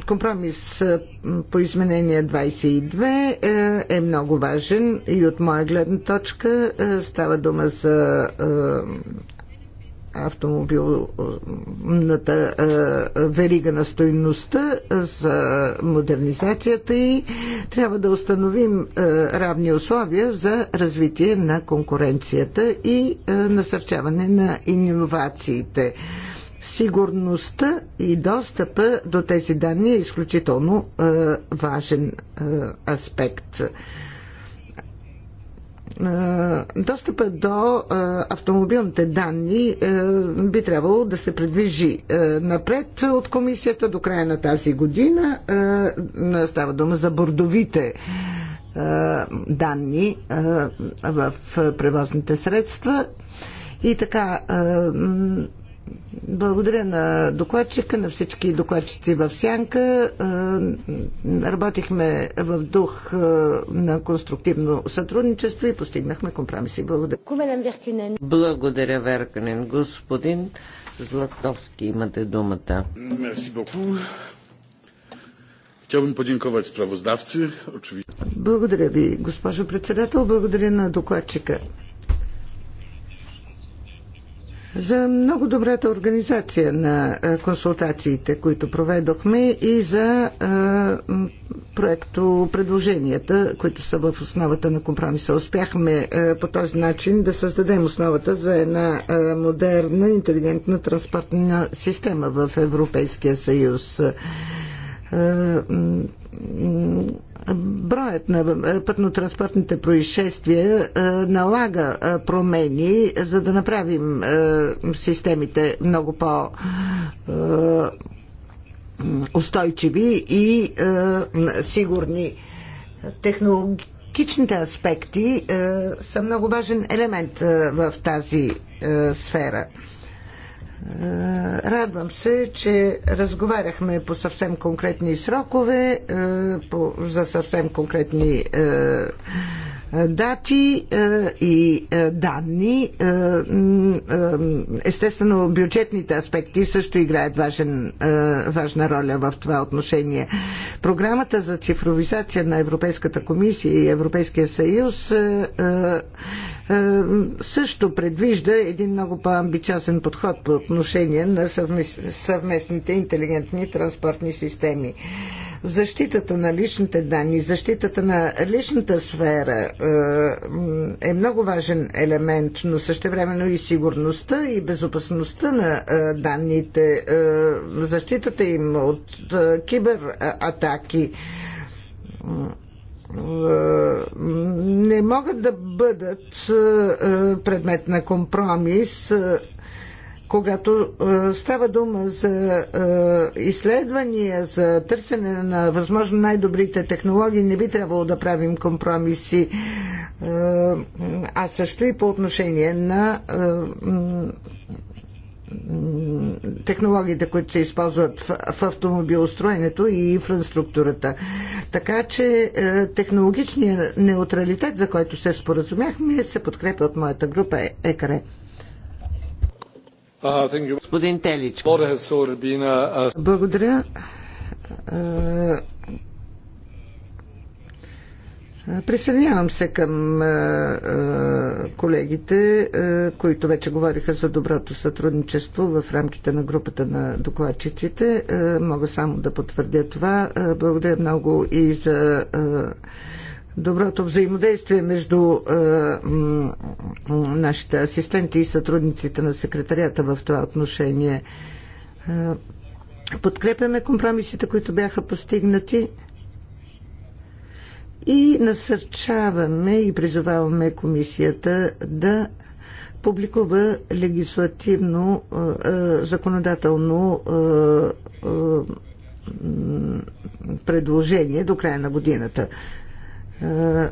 Компромис по изменение 22 е много важен и от моя гледна точка става дума за автомобилната верига на стойността за модернизацията и трябва да установим равни условия за развитие на конкуренцията и насърчаване на иновациите. Сигурността и достъпа до тези данни е изключително важен аспект. Е, достъпа до е, автомобилните данни е, би трябвало да се предвижи напред от комисията до края на тази година. Става дума за бордовите данни в превозните средства. И така, благодаря на докладчика, на всички докладчици в Сянка. Е, работихме в дух е, на конструктивно сътрудничество и постигнахме компромиси. Благодаря. Благодаря, Верканен. Господин Златовски, имате думата. Мерси боку. Благодаря ви, госпожо председател. Благодаря на докладчика за много добрата организация на консултациите, които проведохме и за проекто предложенията, които са в основата на компромиса. Успяхме по този начин да създадем основата за една модерна, интелигентна транспортна система в Европейския съюз. Е, броят на е, пътно-транспортните происшествия е, налага промени, за да направим системите много по- устойчиви и сигурни. Технологичните аспекти са много важен елемент в тази сфера. Е, радвам се, че разговаряхме по съвсем конкретни срокове, е, за съвсем конкретни е, е, дати е, и е, данни. Естествено, бюджетните аспекти също играят важен, важна роля в това отношение. Програмата за цифровизация на Европейската комисия и Европейския съюз също предвижда един много по-амбициозен подход по отношение на съвместните интелигентни транспортни системи. Защитата на личните данни, защитата на личната сфера е, е много важен елемент, но същевременно и сигурността и безопасността на е, данните, е, защитата им от кибератаки не могат да бъдат предмет на компромис когато е, става дума за е, изследвания, за търсене на възможно най-добрите технологии, не би трябвало да правим компромиси, е, а също и по отношение на технологиите, които се използват в, автомобилостроенето и инфраструктурата. Така че технологичният неутралитет, за който се споразумяхме, се подкрепя от моята група ЕКРЕ. Uh, Господин Телич. Благодаря. Присъединявам се към колегите, които вече говориха за доброто сътрудничество в рамките на групата на докладчиците. Мога само да потвърдя това. Благодаря много и за доброто взаимодействие между е, нашите асистенти и сътрудниците на секретарията в това отношение. Е, подкрепяме компромисите, които бяха постигнати и насърчаваме и призоваваме комисията да публикува легислативно, е, е законодателно е, е, предложение до края на годината е,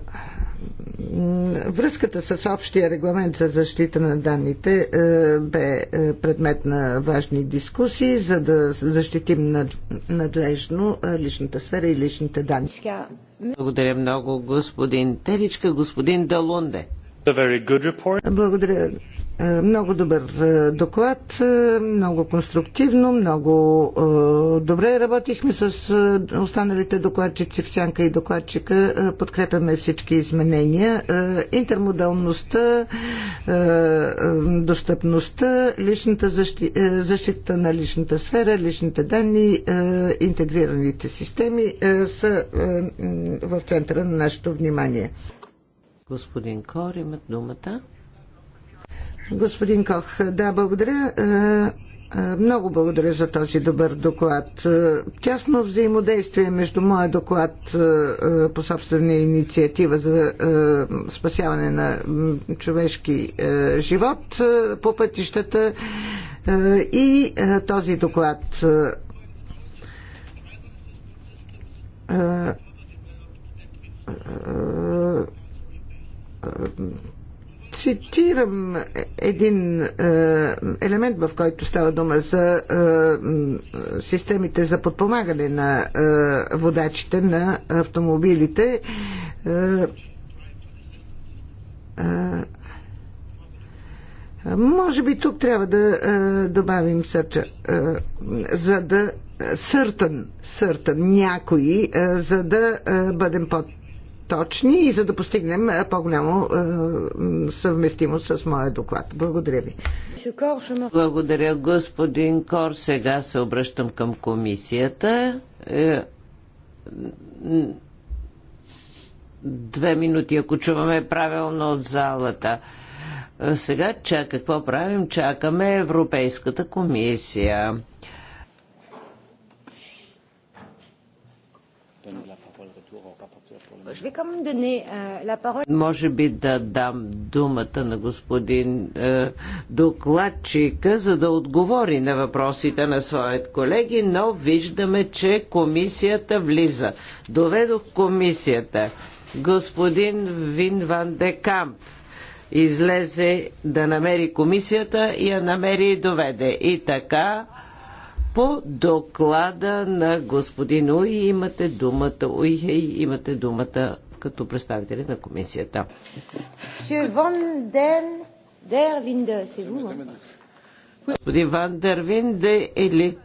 връзката с общия регламент за защита на данните е, бе е, предмет на важни дискусии, за да защитим надлежно личната сфера и личните данни. Благодаря много, господин Теличка, господин Далунде. Благодаря, е, много добър е, доклад, е, много конструктивно, много добре работихме с останалите докладчици в Сянка и докладчика. Подкрепяме всички изменения. Интермодалността, достъпността, личната защита, защита на личната сфера, личните данни, интегрираните системи са в центъра на нашето внимание. Господин Кор, имат думата. Господин Кох, да, благодаря. Е, е, много благодаря за този добър доклад. Е, тясно взаимодействие между моя доклад по собствена инициатива за спасяване на човешки живот по пътищата и този доклад цитирам един е, елемент, в който става дума за е, системите за подпомагане на е, водачите на автомобилите. Може би тук трябва да добавим сърча, за да съртън, съртън някои, за да бъдем под точни и за да постигнем по-голямо съвместимост с моя доклад. Благодаря ви. Благодаря, господин Кор. Сега се обръщам към комисията. Е, две минути, ако чуваме правилно от залата. Е, сега чака, какво правим? Чакаме Европейската комисия. Euh, Може би да дам думата на господин е, докладчика, за да отговори на въпросите на своят колеги, но виждаме, че комисията влиза. Доведох комисията. Господин Вин Ван де Камп излезе да намери комисията и я намери и доведе. И така по доклада на господин Уи имате думата. хей, имате думата като представители на комисията. Господин Ван Дервинде или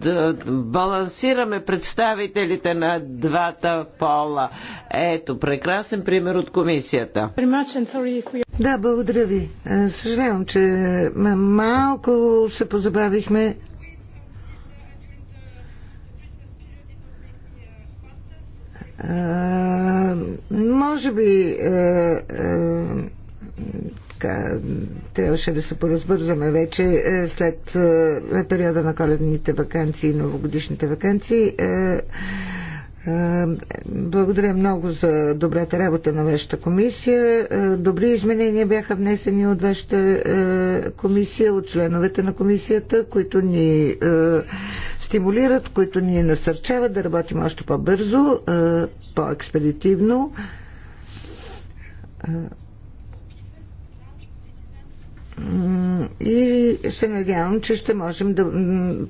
да балансираме представителите на двата пола. Ето, прекрасен пример от комисията. Да, благодаря ви. Съжалявам, че малко се позабавихме. А, може би а, а, така, трябваше да се поразбързаме вече след периода на коледните вакансии и новогодишните вакансии. Е, благодаря много за добрата работа на вашата комисия. Е, добри изменения бяха внесени от вашата е, комисия, от членовете на комисията, които ни стимулират, които ни насърчават да работим още по-бързо, по-експедитивно и се надявам, че ще можем да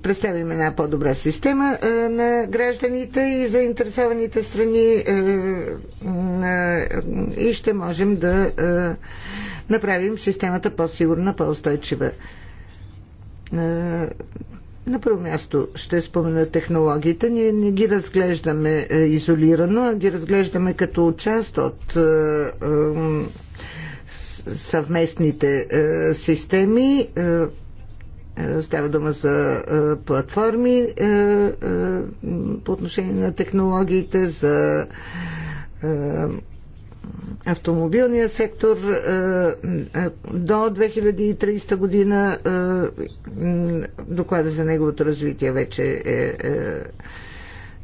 представим една по-добра система е, на гражданите и заинтересованите страни е, е, и ще можем да направим системата по-сигурна, по-устойчива. На първо място ще спомена технологиите. Ние не ги разглеждаме изолирано, а ги разглеждаме като част от съвместните е, системи. Е, е, става дума за платформи по отношение на технологиите, за автомобилния сектор до 2030 година доклада за неговото развитие вече е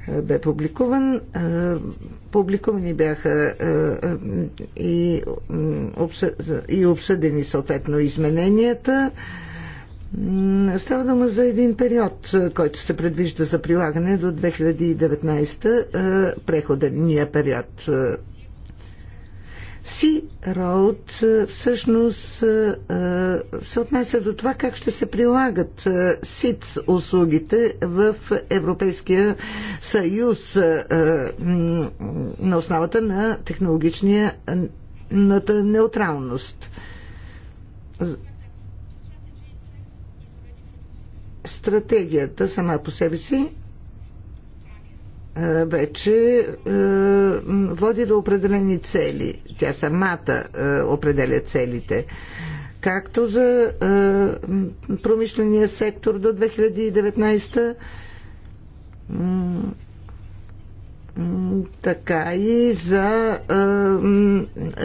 е, бе публикуван. Е, публикувани бяха е, и обсъдени съответно измененията. Става дума за един период, който се предвижда за прилагане до 2019 преходния период. Си Роуд е, всъщност е, е, се отнася до това как ще се прилагат СИЦ услугите в Европейския съюз на основата на технологичната неутралност. Стратегията сама по себе си е, вече е, води до определени цели. Тя самата е, определя целите. Както за промишления сектор до 2019 така и за е,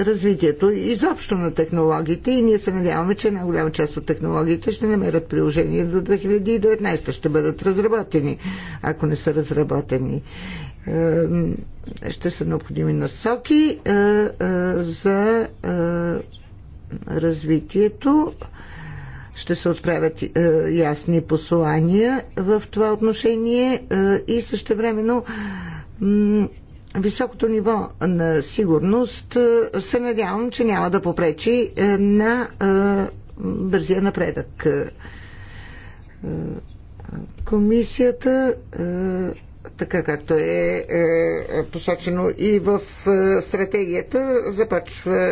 развитието изобщо на технологиите и ние се надяваме, че една голяма част от технологиите ще намерят приложение до 2019, ще бъдат разработени, ако не са разработени. Е, ще са необходими насоки е, е, за е, развитието ще се отправят е, ясни послания в това отношение е, и същевременно високото ниво на сигурност е, се надявам, че няма да попречи е, на е, бързия напредък. Комисията, така както е посочено и в стратегията, започва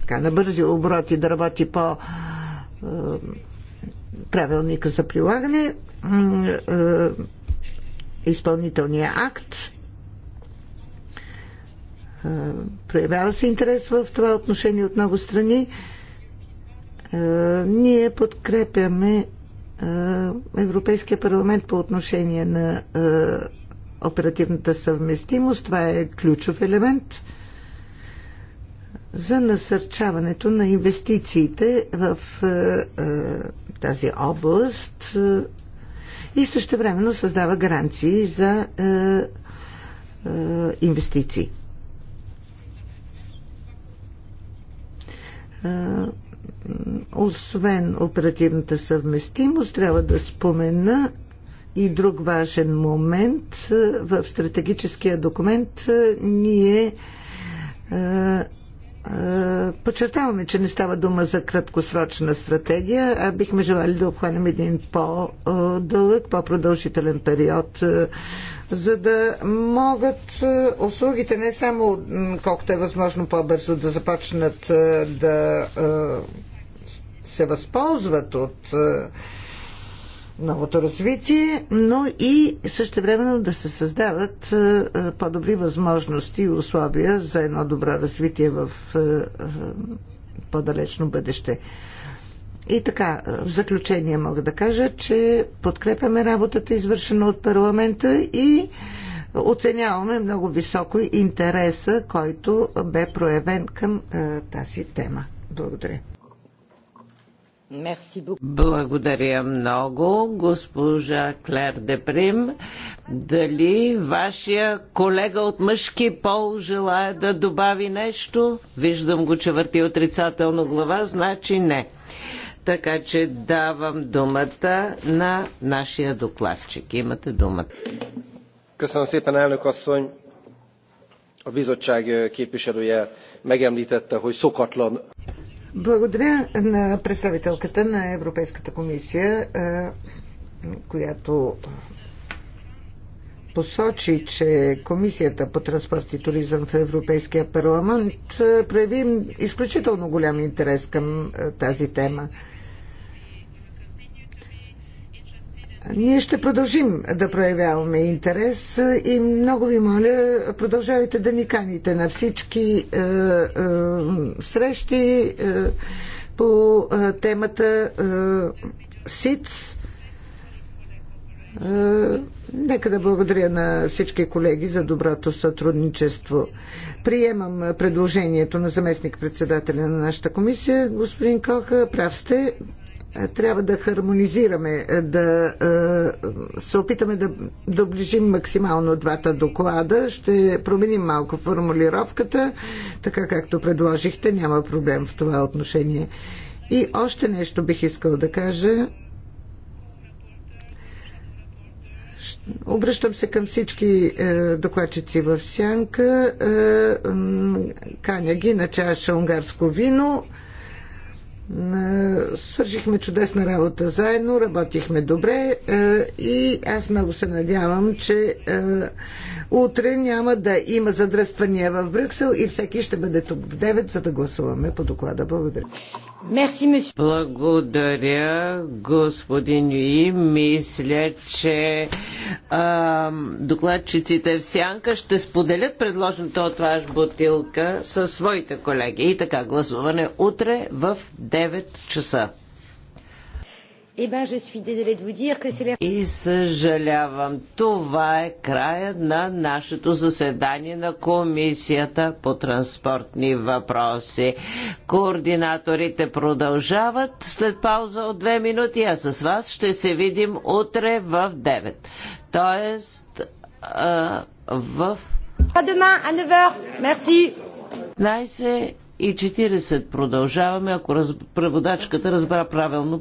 така, на бързи обороти да работи по правилника за прилагане изпълнителния акт. Проявява се интерес в това отношение от много страни. Ние подкрепяме Европейския парламент по отношение на оперативната съвместимост. Това е ключов елемент за насърчаването на инвестициите в тази област и също времено създава гаранции за е, е, инвестиции. Е, освен оперативната съвместимост, трябва да спомена и друг важен момент е, в стратегическия документ. Е, ние е, е, подчертаваме, че не става дума за краткосрочна стратегия, а бихме желали да обхванем един по-дълъг, по-продължителен период, е, за да могат е, услугите не само колкото е възможно по-бързо да започнат да се възползват от новото развитие, но и същевременно да се създават е, е, по-добри възможности и условия за едно добро развитие в е, по-далечно бъдеще. И така, в заключение мога да кажа, че подкрепяме работата, извършена от парламента и оценяваме много високо интереса, който бе проявен към тази тема. Благодаря. Благодаря много, госпожа Клер Деприм. Дали вашия колега от мъжки пол желая да добави нещо? Виждам го, че върти отрицателно глава, значи не. Така че давам думата на нашия докладчик. Имате думата. Köszönöm си, elnök asszony! A bizottság képviselője megemlítette, hogy szokatlan благодаря на представителката на Европейската комисия, която посочи, че Комисията по транспорт и туризъм в Европейския парламент прояви изключително голям интерес към тази тема. Ние ще продължим да проявяваме интерес е, и много ви моля, продължавайте да ни каните на всички е, е, срещи е, по е, темата е, СИЦ. Е, нека да благодаря на всички колеги за доброто сътрудничество. Приемам предложението на заместник-председателя на нашата комисия, господин Коха. Прав сте, е, трябва да хармонизираме, е, да е, се опитаме да доближим максимално двата доклада. Ще променим малко формулировката, така както предложихте, няма проблем в това отношение. И още нещо бих искал да кажа. Обръщам се към всички докладчици в Сянка. каня ги на чаша унгарско вино е, свършихме чудесна работа заедно, работихме добре е, и аз много се надявам, че е, утре няма да има задръствания в Брюксел и всеки ще бъде тук в 9, за да гласуваме по доклада. Благодаря. Благодаря, господин Юи. Мисля, че а, докладчиците в Сянка ще споделят предложената от ваш бутилка със своите колеги. И така, гласуване утре в 9 часа. Eh и съжалявам, това е края на нашето заседание на Комисията по транспортни въпроси. Координаторите продължават след пауза от 2 минути, а с вас ще се видим утре в 9. Тоест, а, в... А demain à Мерси! Най-се и 40 продължаваме, ако раз... преводачката разбра правилно